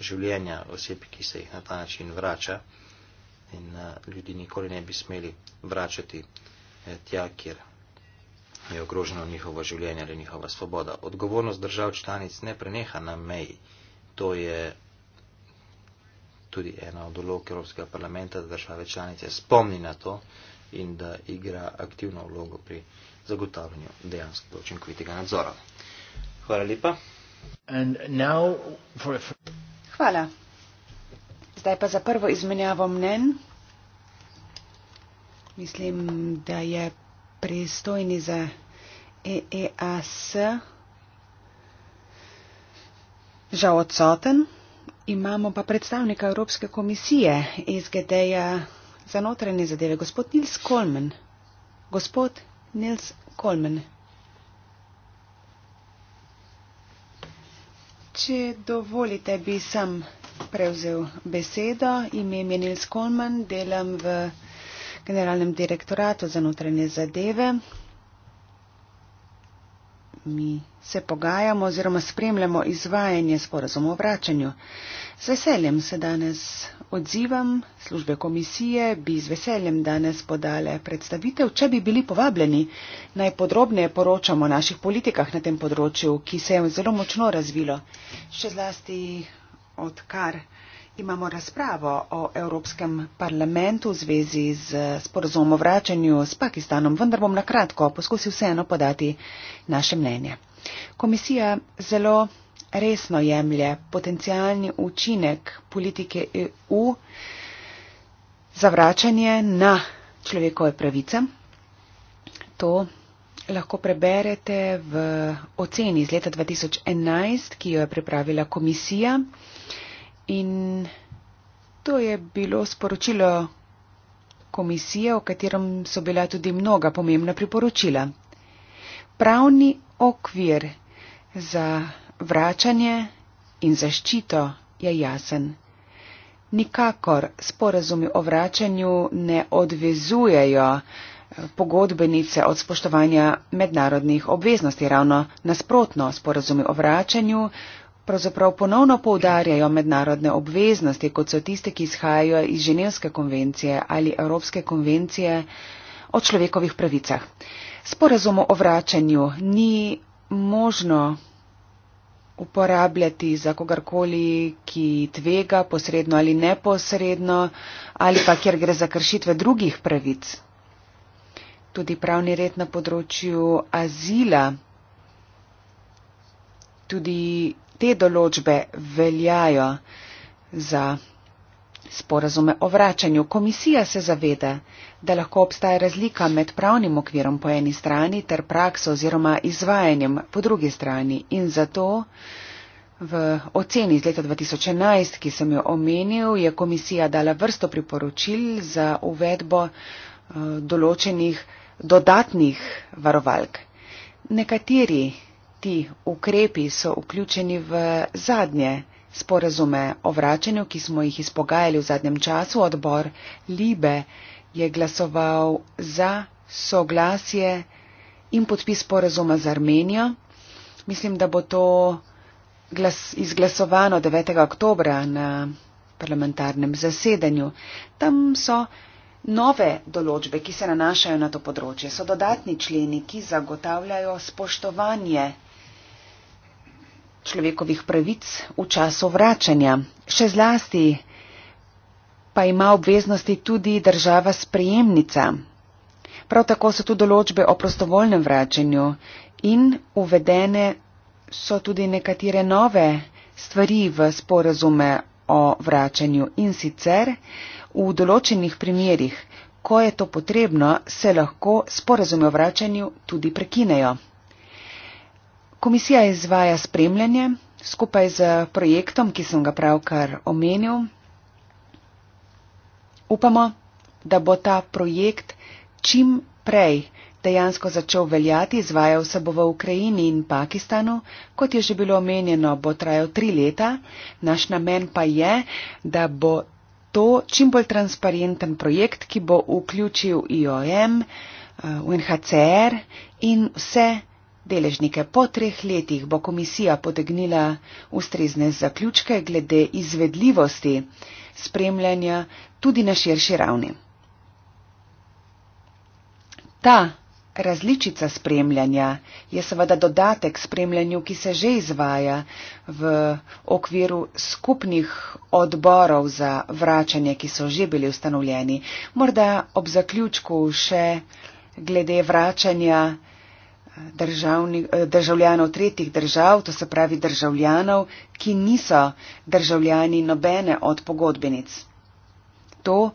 življenja oseb, ki se jih na ta način vrača in eh, ljudi nikoli ne bi smeli vračati eh, tja, kjer je ogroženo njihovo življenje ali njihova svoboda. Odgovornost držav članic ne preneha na meji. To je tudi ena od dolog Evropskega parlamenta, da države članice spomni na to in da igra aktivno vlogo pri zagotavljanju dejansko učinkovitega nadzora. Hvala lepa. For... Hvala. Zdaj pa za prvo izmenjavo mnen. Mislim, da je pristojni za EEAS žal odsoten. Imamo pa predstavnika Evropske komisije iz GD-ja za notranje zadeve, gospod Nils Kolmen. Gospod Nils Kolmen. Če dovolite, bi sam prevzel besedo. Ime je Nils Kolman, delam v generalnem direktoratu za notranje zadeve mi se pogajamo oziroma spremljamo izvajanje sporazumov o vračanju. Z veseljem se danes odzivam, službe komisije bi z veseljem danes podale predstavitev, če bi bili povabljeni najpodrobneje poročamo o naših politikah na tem področju, ki se je zelo močno razvilo, še zlasti odkar. Imamo razpravo o Evropskem parlamentu v zvezi z sporozumom o vračanju s Pakistanom, vendar bom na kratko poskusil vseeno podati naše mnenje. Komisija zelo resno jemlje potencijalni učinek politike EU za vračanje na človekove pravice. To lahko preberete v oceni iz leta 2011, ki jo je pripravila komisija. In to je bilo sporočilo komisije, v katerem so bila tudi mnoga pomembna priporočila. Pravni okvir za vračanje in zaščito je jasen. Nikakor sporazumi o vračanju ne odvezujejo eh, pogodbenice od spoštovanja mednarodnih obveznosti. Ravno nasprotno, sporazumi o vračanju uh, pravzaprav ponovno poudarjajo mednarodne obveznosti, kot so tiste, ki izhajajo iz Ženevske konvencije ali Evropske konvencije o človekovih pravicah. Sporazum o vračanju ni možno uporabljati za kogarkoli, ki tvega posredno ali neposredno ali pa kjer gre za kršitve drugih pravic. Tudi pravni red na področju azila, tudi te določbe veljajo za sporazume o vračanju. Komisija se zaveda, da lahko obstaja razlika med pravnim okvirom po eni strani ter prakso oziroma izvajanjem po drugi strani in zato v oceni iz leta 2011, ki sem jo omenil, je komisija dala vrsto priporočil za uvedbo eh, določenih dodatnih varovalk. Nekateri Ti ukrepi so vključeni v zadnje sporazume o vračanju, ki smo jih izpogajali v zadnjem času. Odbor Libe je glasoval za soglasje in podpis sporazuma z Armenijo. Mislim, da bo to glas, izglasovano 9. oktobra na parlamentarnem zasedanju. Tam so nove določbe, ki se nanašajo na to področje. So dodatni členi, ki zagotavljajo spoštovanje človekovih pravic v času vračanja. Še zlasti pa ima obveznosti tudi država sprejemnica. Prav tako so tu določbe o prostovoljnem vračanju in uvedene so tudi nekatere nove stvari v sporazume o vračanju in sicer v določenih primerjih, ko je to potrebno, se lahko sporazume o vračanju tudi prekinejo. Komisija izvaja spremljanje skupaj z projektom, ki sem ga pravkar omenil. Upamo, da bo ta projekt čim prej dejansko začel veljati, izvajal se bo v Ukrajini in Pakistanu, kot je že bilo omenjeno, bo trajal tri leta. Naš namen pa je, da bo to čim bolj transparenten projekt, ki bo vključil IOM, eh, UNHCR in vse deležnike. Po treh letih bo komisija potegnila ustrezne zaključke glede izvedljivosti spremljanja tudi na širši ravni. Ta različica spremljanja je seveda dodatek spremljanju, ki se že izvaja v okviru skupnih odborov za vračanje, ki so že bili ustanovljeni. Morda ob zaključku še glede vračanja državni, eh, državljanov tretjih držav, to se pravi državljanov, ki niso državljani nobene od pogodbenic. To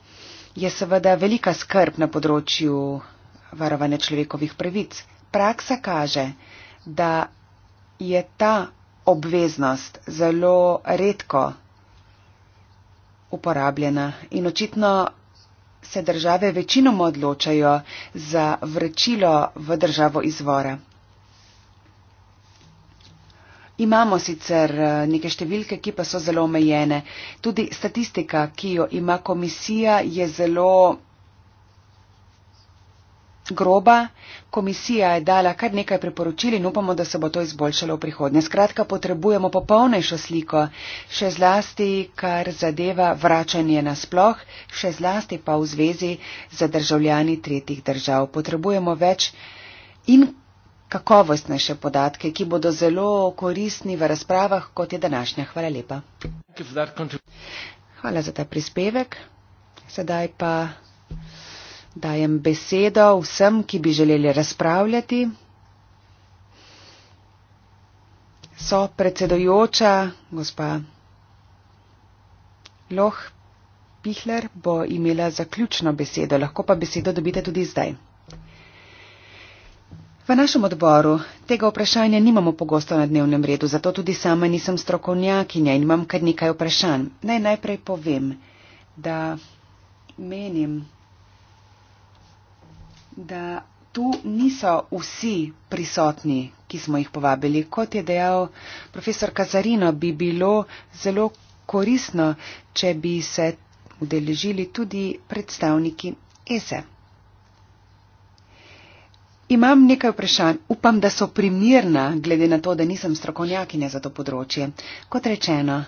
je seveda velika skrb na področju varovanja človekovih pravic. Praksa kaže, da je ta obveznost zelo redko uporabljena in očitno se države večinoma odločajo za vračilo v državo izvora. Imamo sicer eh, neke številke, ki pa so zelo omejene. Tudi statistika, ki jo ima komisija, je zelo groba. Komisija je dala kar nekaj priporočil in upamo, da se bo to izboljšalo v prihodnje. Skratka, potrebujemo popolnejšo sliko, še zlasti, kar zadeva vračanje nasploh, še zlasti pa v zvezi za državljani tretjih držav. Potrebujemo več in kakovostnejše podatke, ki bodo zelo koristni v razpravah, kot je današnja. Hvala lepa. Hvala za ta prispevek. Sedaj pa dajem besedo vsem, ki bi želeli razpravljati. So predsedojoča, gospa Loh Pihler, bo imela zaključno besedo, lahko pa besedo dobite tudi zdaj. V našem odboru tega vprašanja nimamo pogosto na dnevnem redu, zato tudi sama nisem strokovnjakinja in imam kar nekaj vprašanj. Naj najprej povem, da menim, da tu niso vsi prisotni, ki smo jih povabili. Kot je dejal profesor Kazarino, bi bilo zelo koristno, če bi se udeležili tudi predstavniki ESE. Imam nekaj vprašanj. Upam, da so primirna, glede na to, da nisem strokovnjakinja za to področje. Kot rečeno,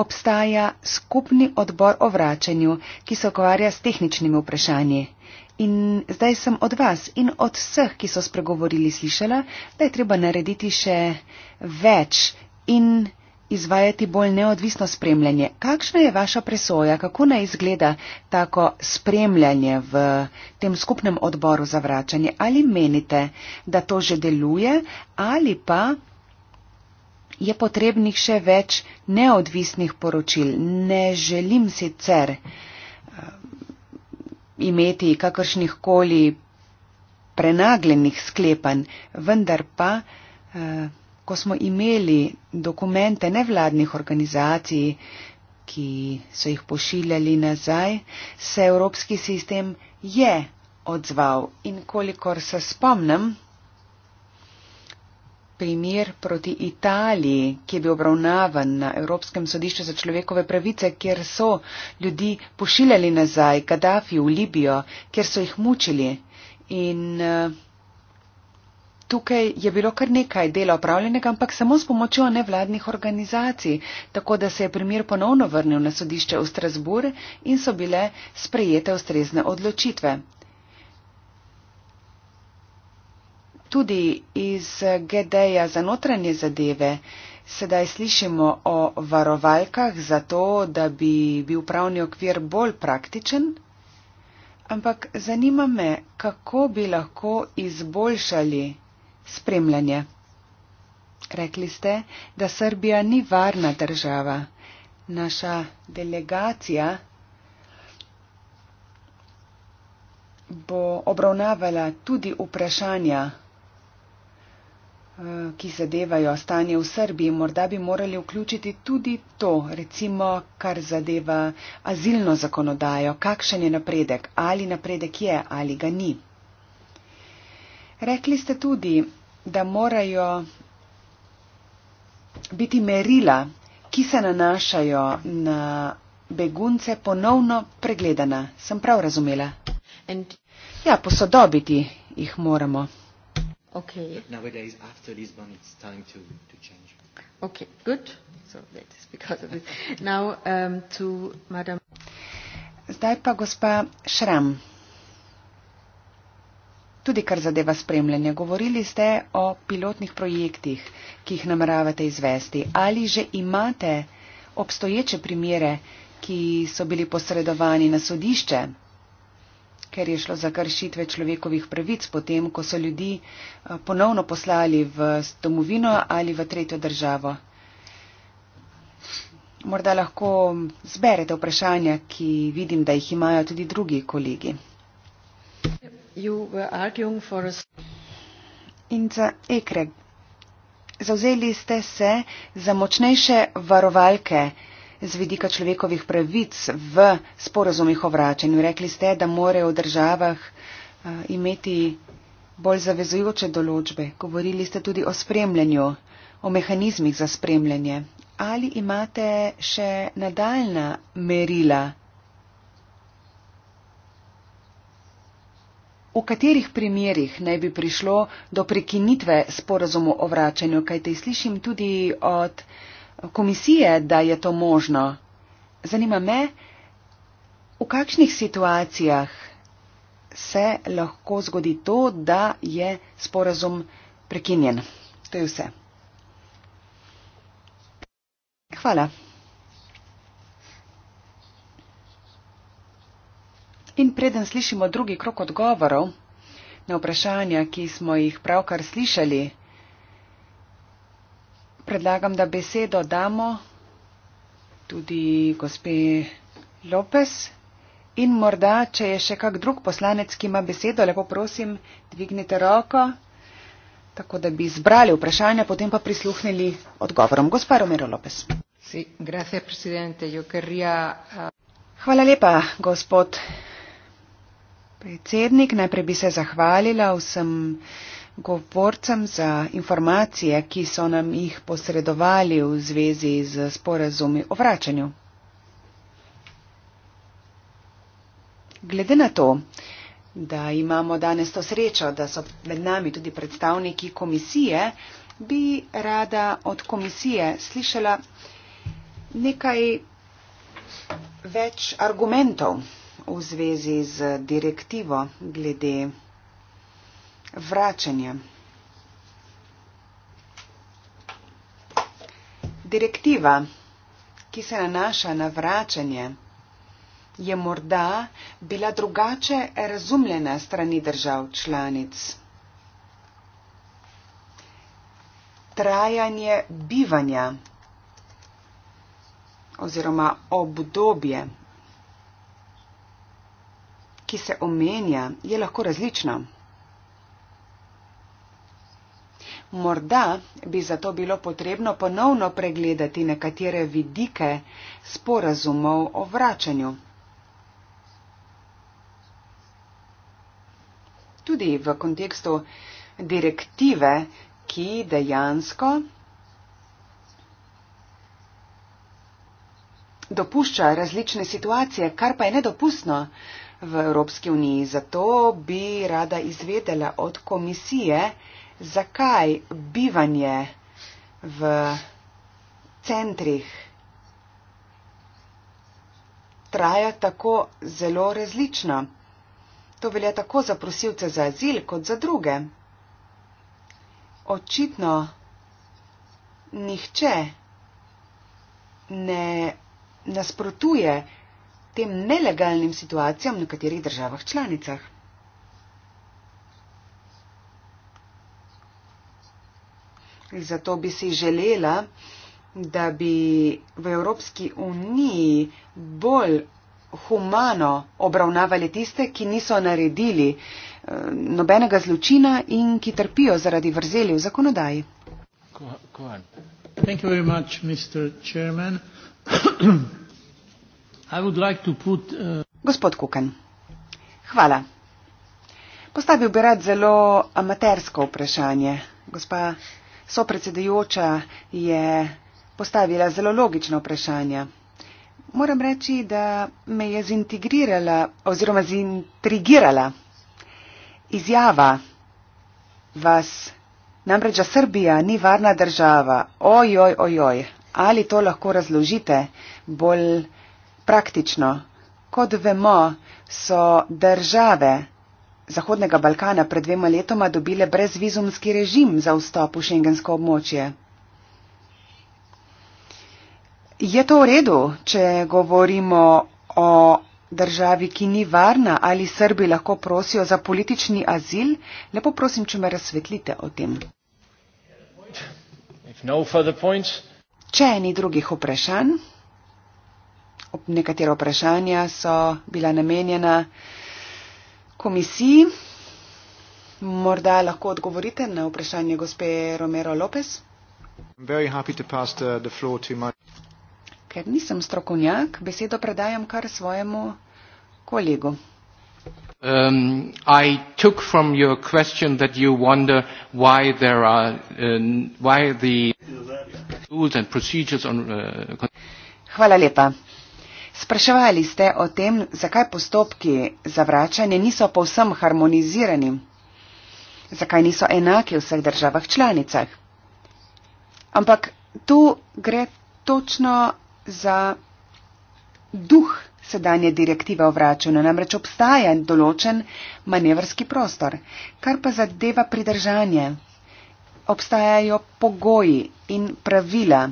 obstaja skupni odbor o vračanju, ki se okvarja s tehničnimi vprašanji. In zdaj sem od vas in od vseh, ki so spregovorili, slišala, da je treba narediti še več in izvajati bolj neodvisno spremljanje. Kakšna je vaša presoja, kako naj izgleda tako spremljanje v tem skupnem odboru za vračanje? Ali menite, da to že deluje ali pa je potrebnih še več neodvisnih poročil. Ne želim sicer eh, imeti kakršnih koli prenagljenih sklepanj, vendar pa, eh, ko smo imeli dokumente nevladnih organizacij, ki so jih pošiljali nazaj, se evropski sistem je odzval in kolikor se spomnim, primer proti Italiji, ki je bil obravnavan na Evropskem sodišču za človekove pravice, kjer so ljudi pošiljali nazaj, Gaddafi v Libijo, kjer so jih mučili. In eh, tukaj je bilo kar nekaj dela opravljenega, ampak samo s pomočjo nevladnih organizacij, tako da se je primer ponovno vrnil na sodišče v Strasbourg in so bile sprejete ustrezne odločitve. Tudi iz GD-ja za notranje zadeve sedaj slišimo o varovalkah za to, da bi bil pravni okvir bolj praktičen. Ampak zanima me, kako bi lahko izboljšali spremljanje. Rekli ste, da Srbija ni varna država. Naša delegacija bo obravnavala tudi vprašanja Eh, ki zadevajo stanje v Srbiji, morda bi morali vključiti tudi to, recimo, kar zadeva azilno zakonodajo, kakšen je napredek, ali napredek je, ali ga ni. Rekli ste tudi, da morajo biti merila, ki se nanašajo na begunce, ponovno pregledana. Sem prav razumela? Ja, posodobiti jih moramo. Okay. But nowadays, after Lisbon, it's time to, to change. Okay, good. So that is because of this. now um, to Madam. Zdaj pa gospa Šram. Tudi kar zadeva spremljanje. Govorili ste o pilotnih projektih, ki jih nameravate izvesti. Ali že imate obstoječe primere, ki so bili posredovani na sodišče ker je šlo za kršitve človekovih pravic, potem, ko so ljudi eh, ponovno poslali v domovino ali v tretjo državo. Morda lahko zberete vprašanja, ki vidim, da jih imajo tudi drugi kolegi. In za Ekreg. Zauzeli ste se za močnejše varovalke z vidika človekovih pravic v sporazumih o vračanju. Rekli ste, da morajo v državah eh, imeti bolj zavezujoče določbe. Govorili ste tudi o spremljanju, o mehanizmih za spremljanje. Ali imate še nadaljna merila? V katerih primerjih naj bi prišlo do prekinitve sporazumu o vračanju, kajte slišim tudi od uh, komisije, da je to možno. Zanima me, v kakšnih situacijah se lahko zgodi to, da je sporazum prekinjen. To je vse. Hvala. In preden slišimo drugi krok odgovorov na vprašanja, ki smo jih pravkar slišali, predlagam, da besedo damo tudi gospe Lopes in morda, če je še kak drug poslanec, ki ima besedo, lepo prosim, dvignite roko, tako da bi zbrali vprašanja, potem pa prisluhnili odgovorom. Gospa Romero Lopes. Ah, Hvala lepa, gospod predsednik. Najprej bi se zahvalila vsem govorcem za informacije, ki so nam jih posredovali v zvezi z sporazumi o vračanju. Glede na to, da imamo danes to srečo, da so med nami tudi predstavniki komisije, bi rada od komisije slišala nekaj več argumentov v zvezi z direktivo glede vračanje. Direktiva, ki se nanaša na vračanje, je morda bila drugače razumljena strani držav članic. Trajanje bivanja oziroma obdobje, ki se omenja, je lahko različno. Morda bi zato bilo potrebno ponovno pregledati nekatere vidike sporazumov o vračanju. Tudi v kontekstu direktive, ki dejansko dopušča različne situacije, kar pa je nedopustno v Evropski uniji. Zato bi rada izvedela od komisije, zakaj bivanje v centrih traja tako zelo različno. To velja tako za prosilce za azil kot za druge. Očitno nihče ne nasprotuje tem nelegalnim situacijam v nekaterih državah članicah. Zato bi si želela, da bi v Evropski uniji bolj humano obravnavali tiste, ki niso naredili eh, nobenega zločina in ki trpijo zaradi vrzeli v zakonodaji. Thank you very much, Mr. Chairman. *clears throat* I would like to put. Uh... Gospod Kuken, hvala. Postavil bi rad zelo amatersko vprašanje. Gospa sopredsedujoča je postavila zelo logično vprašanje. Moram reči, da me je zintegrirala oziroma zintrigirala izjava vas, namreč, da Srbija ni varna država. Ojoj, ojoj, ali to lahko razložite bolj praktično? Kot vemo, so države Zahodnega Balkana pred dvema letoma dobile brezvizumski režim za vstop v šengensko območje. Je to v redu, če govorimo o državi, ki ni varna, ali Srbi lahko prosijo za politični azil? Lepo prosim, če me razsvetlite o tem. No če ni drugih vprašanj, nekatera vprašanja so bila namenjena komisiji. Morda lahko odgovorite na vprašanje gospe Romero Lopez. My... Ker nisem strokovnjak, besedo predajam kar svojemu kolegu. Um, I took from your question that you wonder why there are uh, why the rules and procedures on. Uh, Hvala lepa. Spraševali ste o tem, zakaj postopki za vračanje niso povsem harmonizirani, zakaj niso enaki v vseh državah članicah. Ampak tu gre točno za duh sedanje direktive o vračanju, namreč obstaja določen manevrski prostor, kar pa zadeva pridržanje. Obstajajo pogoji in pravila,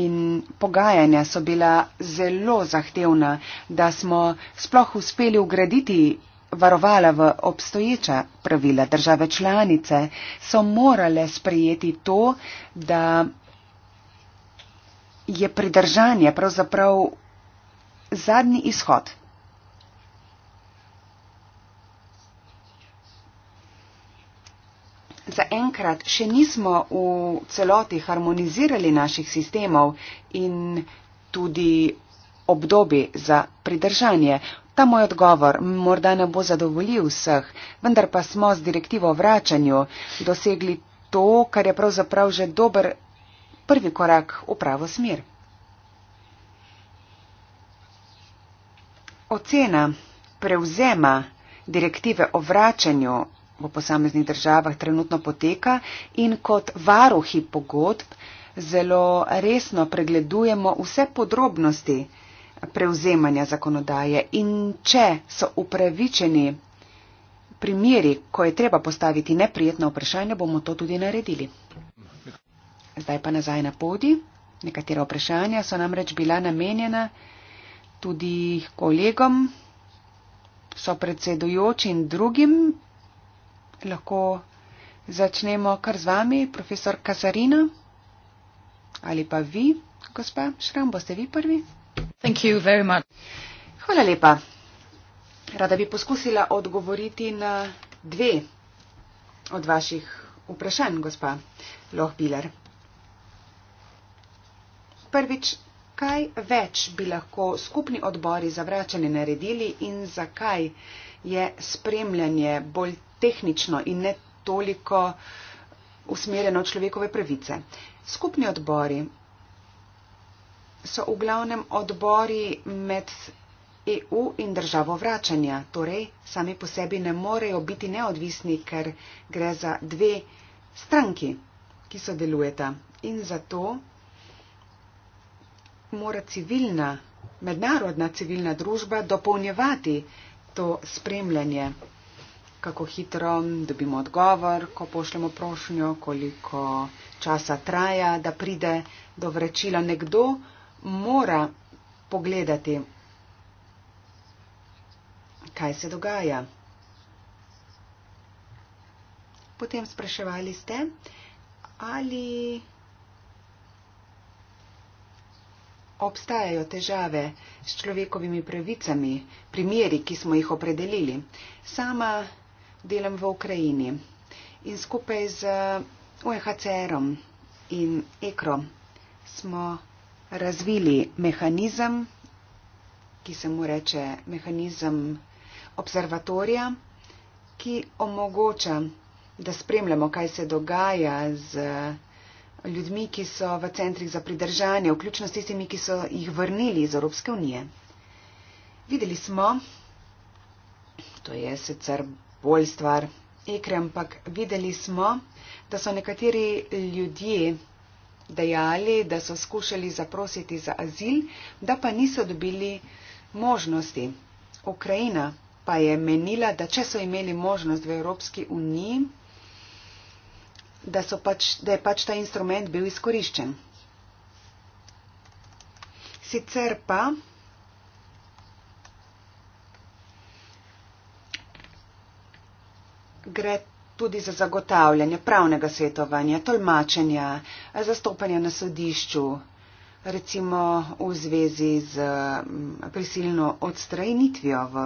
In pogajanja so bila zelo zahtevna, da smo sploh uspeli ugraditi varovala v obstoječa pravila. Države članice so morale sprejeti to, da je pridržanje pravzaprav zadnji izhod. zaenkrat še nismo v celoti harmonizirali naših sistemov in tudi obdobi za pridržanje. Ta moj odgovor morda ne bo zadovoljil vseh, vendar pa smo z direktivo o vračanju dosegli to, kar je pravzaprav že dober prvi korak v pravo smer. Ocena prevzema direktive o vračanju v posameznih državah trenutno poteka in kot varuhi pogodb zelo resno pregledujemo vse podrobnosti prevzemanja zakonodaje in če so upravičeni primeri, ko je treba postaviti neprijetno vprašanje, bomo to tudi naredili. Zdaj pa nazaj na podi. Nekatera vprašanja so namreč bila namenjena tudi kolegom, so predsedujoči in drugim lahko začnemo kar z vami, profesor Kazarina ali pa vi, gospa Šram, boste vi prvi. Hvala lepa. Rada bi poskusila odgovoriti na dve od vaših vprašanj, gospa Lohbiler. Prvič, kaj več bi lahko skupni odbori za vračanje naredili in zakaj je spremljanje bolj tehnično in ne toliko usmerjeno v človekove pravice. Skupni odbori so v glavnem odbori med EU in državo vračanja, torej sami po sebi ne morejo biti neodvisni, ker gre za dve stranki, ki sodelujeta. In zato mora civilna, mednarodna civilna družba dopolnjevati to spremljanje kako hitro dobimo odgovor, ko pošljemo prošnjo, koliko časa traja, da pride do vračila. Nekdo mora pogledati, kaj se dogaja. Potem spraševali ste, ali obstajajo težave s človekovimi pravicami, primeri, ki smo jih opredelili. Sama delam v Ukrajini in skupaj z UNHCR-om in ECRO smo razvili mehanizem, ki se mu reče mehanizem observatorija, ki omogoča, da spremljamo, kaj se dogaja z ljudmi, ki so v centrih za pridržanje, vključno s tistimi, ki so jih vrnili iz Evropske unije. Videli smo, to je sicer bolj stvar ekre, ampak videli smo, da so nekateri ljudje dejali, da so skušali zaprositi za azil, da pa niso dobili možnosti. Ukrajina pa je menila, da če so imeli možnost v Evropski uniji, da, pač, da je pač ta instrument bil izkoriščen. Sicer pa gre tudi za zagotavljanje pravnega svetovanja, tolmačenja, zastopanja na sodišču, recimo v zvezi z mm, prisilno odstrajnitvijo v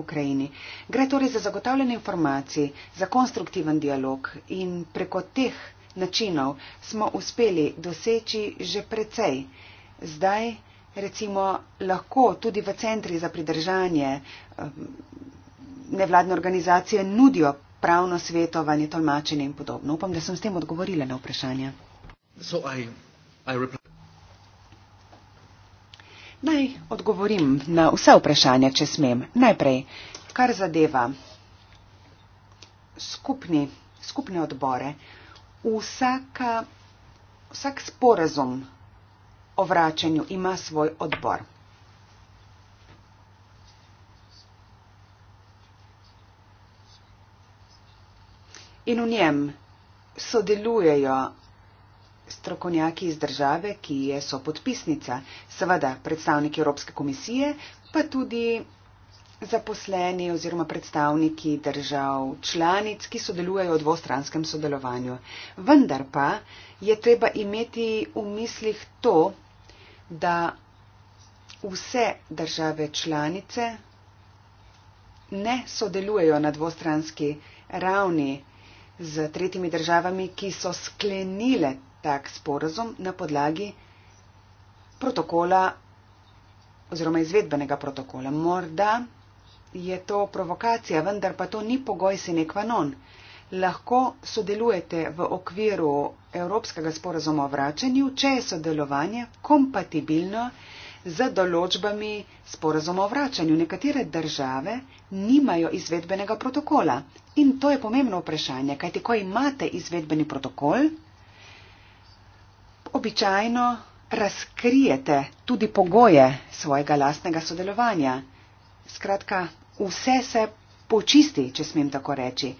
Ukrajini. Gre torej za zagotavljanje informacij, za konstruktiven dialog in preko teh načinov smo uspeli doseči že precej. Zdaj recimo lahko tudi v centri za pridržanje mm, nevladne organizacije nudijo pravno svetovanje, tolmačenje in podobno. Upam, da sem s tem odgovorila na vprašanje. So, I, I Naj odgovorim na vse vprašanja, če smem. Najprej, kar zadeva skupni, skupne odbore, Vsaka, vsak sporazum o vračanju ima svoj odbor. in v njem sodelujejo strokovnjaki iz države, ki je so podpisnica, seveda predstavniki Evropske komisije, pa tudi zaposleni oziroma predstavniki držav članic, ki sodelujejo v dvostranskem sodelovanju. Vendar pa je treba imeti v mislih to, da vse države članice ne sodelujejo na dvostranski ravni z tretjimi državami, ki so sklenile tak sporazum na podlagi protokola oziroma izvedbenega protokola. Morda je to provokacija, vendar pa to ni pogoj sine qua non. Lahko sodelujete v okviru Evropskega sporazuma o vračanju, če je sodelovanje kompatibilno z določbami sporazuma o vračanju. Nekatere države nimajo izvedbenega protokola in to je pomembno vprašanje, kajti ko imate izvedbeni protokol, običajno razkrijete tudi pogoje svojega lastnega sodelovanja. Skratka, vse se počisti, če smem tako reči.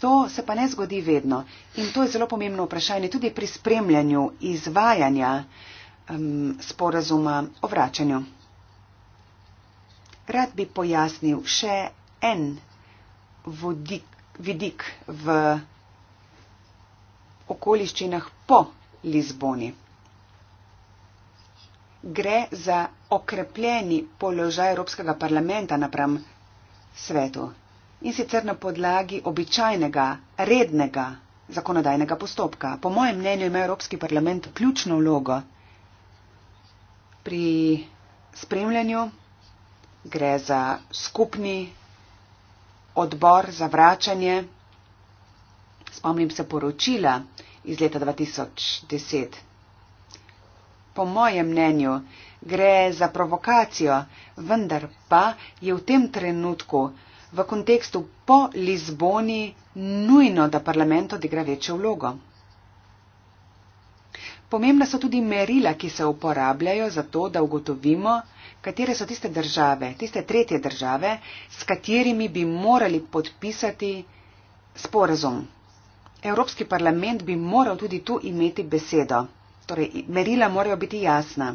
To se pa ne zgodi vedno in to je zelo pomembno vprašanje tudi pri spremljanju izvajanja um, sporazuma o vračanju. Rad bi pojasnil še en vodik, vidik v okoliščinah po Lizboni. Gre za okrepljeni položaj Evropskega parlamenta napram svetu in sicer na podlagi običajnega, rednega zakonodajnega postopka. Po mojem mnenju ima Evropski parlament ključno vlogo pri spremljanju, gre za skupni odbor za vračanje. Spomnim se poročila iz leta 2010. Po mojem mnenju gre za provokacijo, vendar pa je v tem trenutku v kontekstu po Lizboni nujno, da parlament odigra večjo vlogo. Pomembna so tudi merila, ki se uporabljajo za to, da ugotovimo, katere so tiste države, tiste tretje države, s katerimi bi morali podpisati sporazum. Evropski parlament bi moral tudi tu imeti besedo. Torej, merila morajo biti jasna.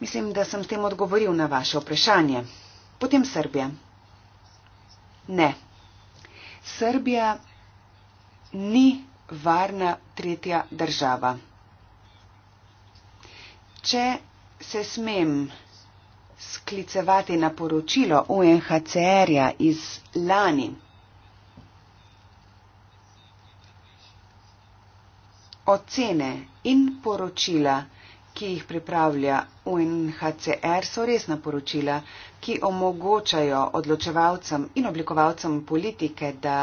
Mislim, da sem s tem odgovoril na vaše vprašanje. Potem Srbija. Ne. Srbija ni varna tretja država. Če se smem sklicevati na poročilo UNHCR-ja iz lani ocene in poročila, ki jih pripravlja UNHCR, so resna poročila, ki omogočajo odločevalcem in oblikovalcem politike, da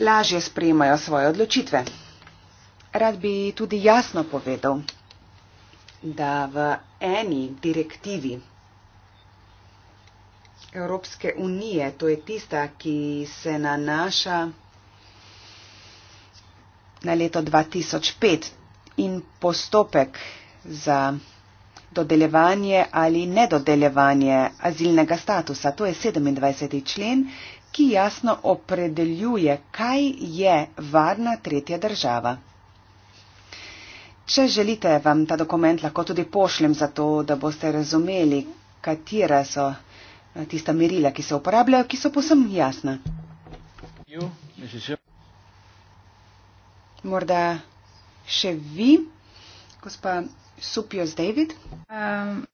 lažje sprejmajo svoje odločitve. Rad bi tudi jasno povedal, da v eni direktivi Evropske unije, to je tista, ki se nanaša na leto 2005 in postopek za dodeljevanje ali nedodeljevanje azilnega statusa, to je 27. člen ki jasno opredeljuje, kaj je varna tretja država. Če želite, vam ta dokument lahko tudi pošljem, zato da boste razumeli, katera so eh, tista merila, ki se uporabljajo, ki so posem jasna. Morda še vi, gospa Supios David. Um.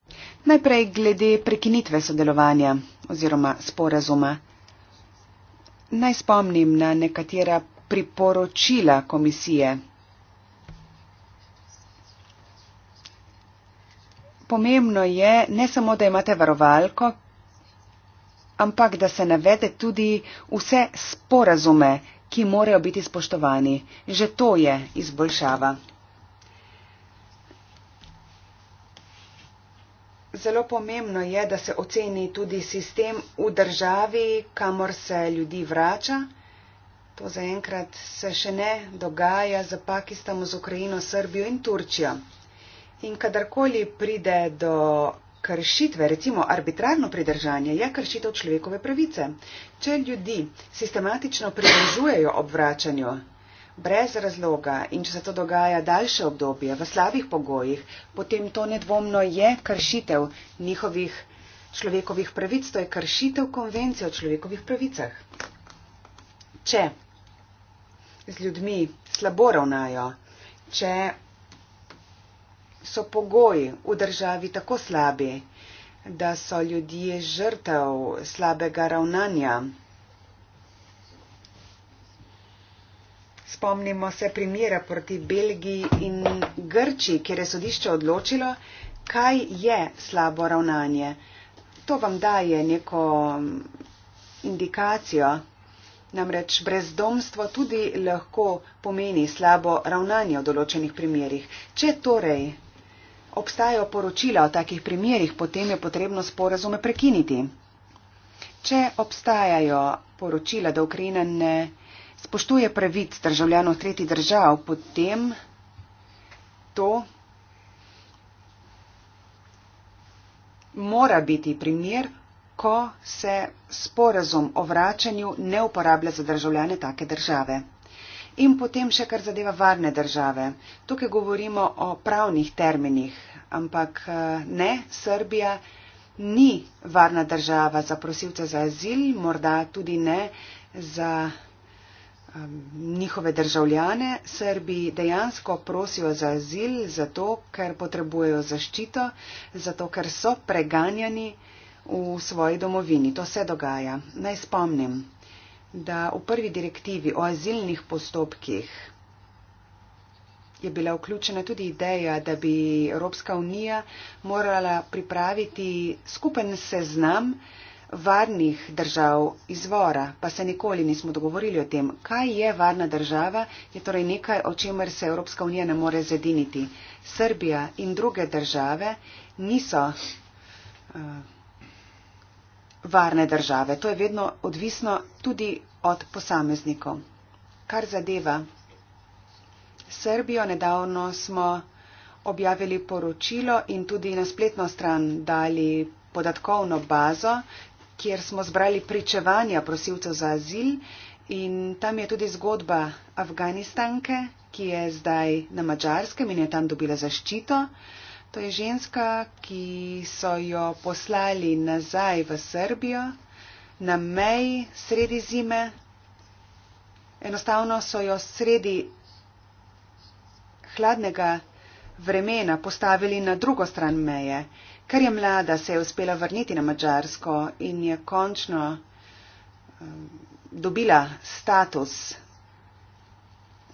Najprej glede prekinitve sodelovanja oziroma sporazuma naj spomnim na nekatera priporočila komisije. Pomembno je ne samo, da imate varovalko, ampak da se navede tudi vse sporazume, ki morajo biti spoštovani. Že to je izboljšava. zelo pomembno je, da se oceni tudi sistem v državi, kamor se ljudi vrača. To zaenkrat se še ne dogaja za Pakistan, z Ukrajino, Srbijo in Turčijo. In kadarkoli pride do kršitve, recimo arbitrarno pridržanje, je kršitev človekove pravice. Če ljudi sistematično pridržujejo ob vračanju, brez razloga in če se to dogaja daljše obdobje v slabih pogojih, potem to nedvomno je kršitev njihovih človekovih pravic, to je kršitev konvencije o človekovih pravicah. Če z ljudmi slabo ravnajo, če so pogoji v državi tako slabi, da so ljudje žrtev slabega ravnanja, spomnimo se primera proti Belgiji in Grčiji, kjer je sodišče odločilo, kaj je slabo ravnanje. To vam daje neko indikacijo. Namreč brezdomstvo tudi lahko pomeni slabo ravnanje v določenih primerjih. Če torej obstajajo poročila o takih primerjih, potem je potrebno sporazume prekiniti. Če obstajajo poročila, da Ukrajina ne spoštuje pravic državljanov tretjih držav, potem to mora biti primer, ko se sporazum o vračanju ne uporablja za državljane take države. In potem še kar zadeva varne države. Tukaj govorimo o pravnih terminih, ampak eh, ne, Srbija ni varna država za prosilce za azil, morda tudi ne za njihove državljane Srbi dejansko prosijo za azil, zato ker potrebujejo zaščito, zato ker so preganjani v svoji domovini. To se dogaja. Naj spomnim, da v prvi direktivi o azilnih postopkih je bila vključena tudi ideja, da bi Evropska unija morala pripraviti skupen seznam, varnih držav izvora, pa se nikoli nismo dogovorili o tem, kaj je varna država, je torej nekaj, o čemer se Evropska unija ne more zediniti. Srbija in druge države niso uh, varne države. To je vedno odvisno tudi od posameznikov. Kar zadeva Srbijo, nedavno smo objavili poročilo in tudi na spletno stran dali podatkovno bazo, kjer smo zbrali pričevanja prosilcev za azil in tam je tudi zgodba Afganistanke, ki je zdaj na Mačarskem in je tam dobila zaščito. To je ženska, ki so jo poslali nazaj v Srbijo na meji sredi zime. Enostavno so jo sredi hladnega vremena postavili na drugo stran meje. Ker je mlada, se je uspela vrniti na Mačarsko in je končno um, dobila status,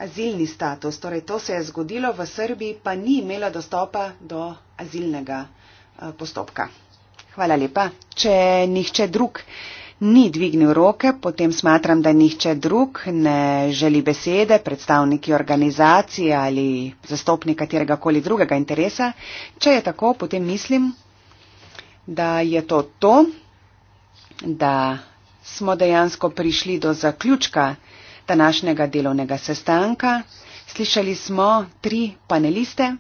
azilni status. Torej, to se je zgodilo v Srbiji, pa ni imela dostopa do azilnega uh, postopka. Hvala lepa. Če nihče drug ni dvignil roke, potem smatram, da nihče drug ne želi besede, predstavniki organizacije ali zastopnik kateregakoli drugega interesa. Če je tako, potem mislim, da je to to, da smo dejansko prišli do zaključka današnjega delovnega sestanka. Slišali smo tri paneliste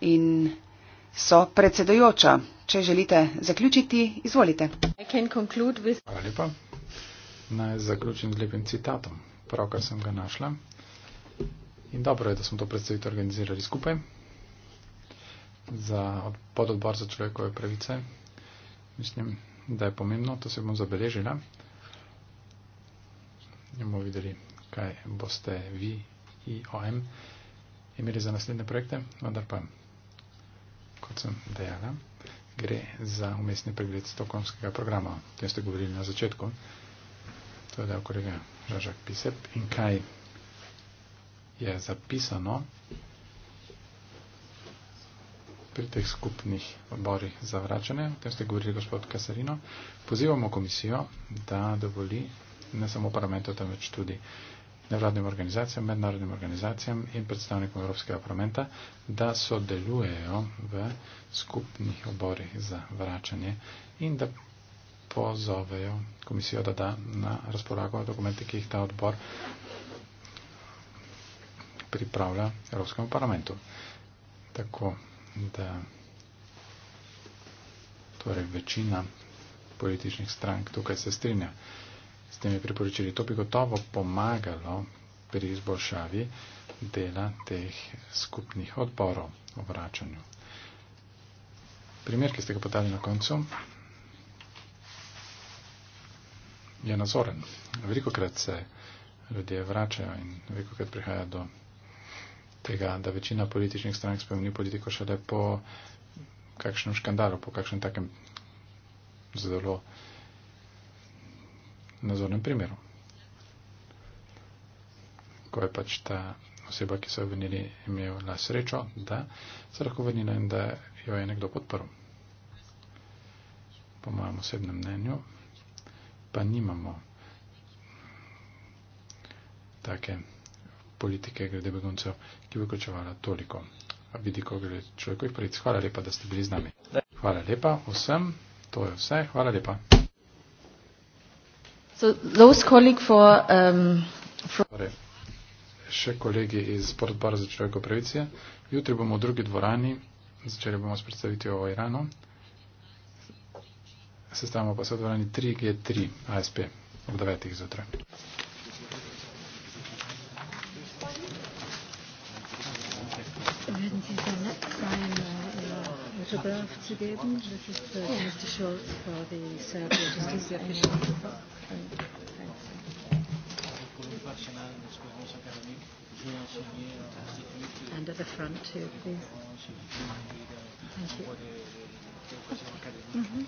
in so predsedojoča. Če želite zaključiti, izvolite. Hvala lepa. Naj zaključim z lepim citatom. Pravkar sem ga našla. In dobro je, da smo to predstavitev organizirali skupaj za pododbor za človekove pravice mislim, da je pomembno, to se bom zabeležila. In bomo videli, kaj boste vi in OM imeli za naslednje projekte, vendar pa, kot sem dejala, gre za umestni pregled stokholmskega programa, o tem ste govorili na začetku. To je dejal kolega Žažak Pisep in kaj je zapisano pri teh skupnih odborih zavračene, o tem ste govorili gospod Kasarino, pozivamo komisijo, da dovoli ne samo parlamentu, temveč tudi nevladnim organizacijam, mednarodnim organizacijam in predstavnikom Evropskega parlamenta, da sodelujejo v skupnih oborih za vračanje in da pozovejo komisijo, da da na razpolago dokumente, ki jih ta odbor pripravlja Evropskemu parlamentu. Tako da torej večina političnih strank tukaj se strinja. S tem je priporočili. To bi gotovo pomagalo pri izboljšavi dela teh skupnih odporov v vračanju. Primer, ki ste ga podali na koncu, je nazoren. Veliko krat se ljudje vračajo in veliko krat prihaja do tega, da večina političnih strank spremeni politiko šele po kakšnem škandalu, po kakšnem takem zelo nazornem primeru. Ko je pač ta oseba, ki so jo venili, imela srečo, da se lahko venila in da jo je nekdo podprl. Po mojem osebnem mnenju pa nimamo take politike glede beguncev, ki bo vključevala toliko vidikov glede človekovih pravic. Hvala lepa, da ste bili z nami. Hvala lepa vsem. To je vse. Hvala lepa. So, for, um, from... Torej, Hvala. Še kolegi iz Sportbar za človekove pravice. Jutri bomo v drugi dvorani. Začeli bomo s predstavitvijo o Iranu. Sestavljamo pa se v dvorani 3G3 ASP ob 9. zjutraj. Mr. Graft, Mr. Gaben, this is uh, yeah. Mr. Schultz for the Serbian Justice the Official. And at the front, too, please. Thank you. Mm-hmm.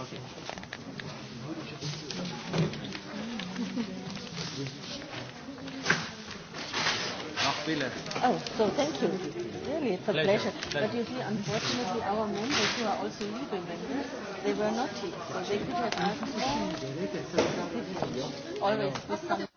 Okay. Oh, so thank you. Really, it's a pleasure. pleasure. But you see, unfortunately, our members who are also leaving, members, they were not here, so they could have asked for Always with some.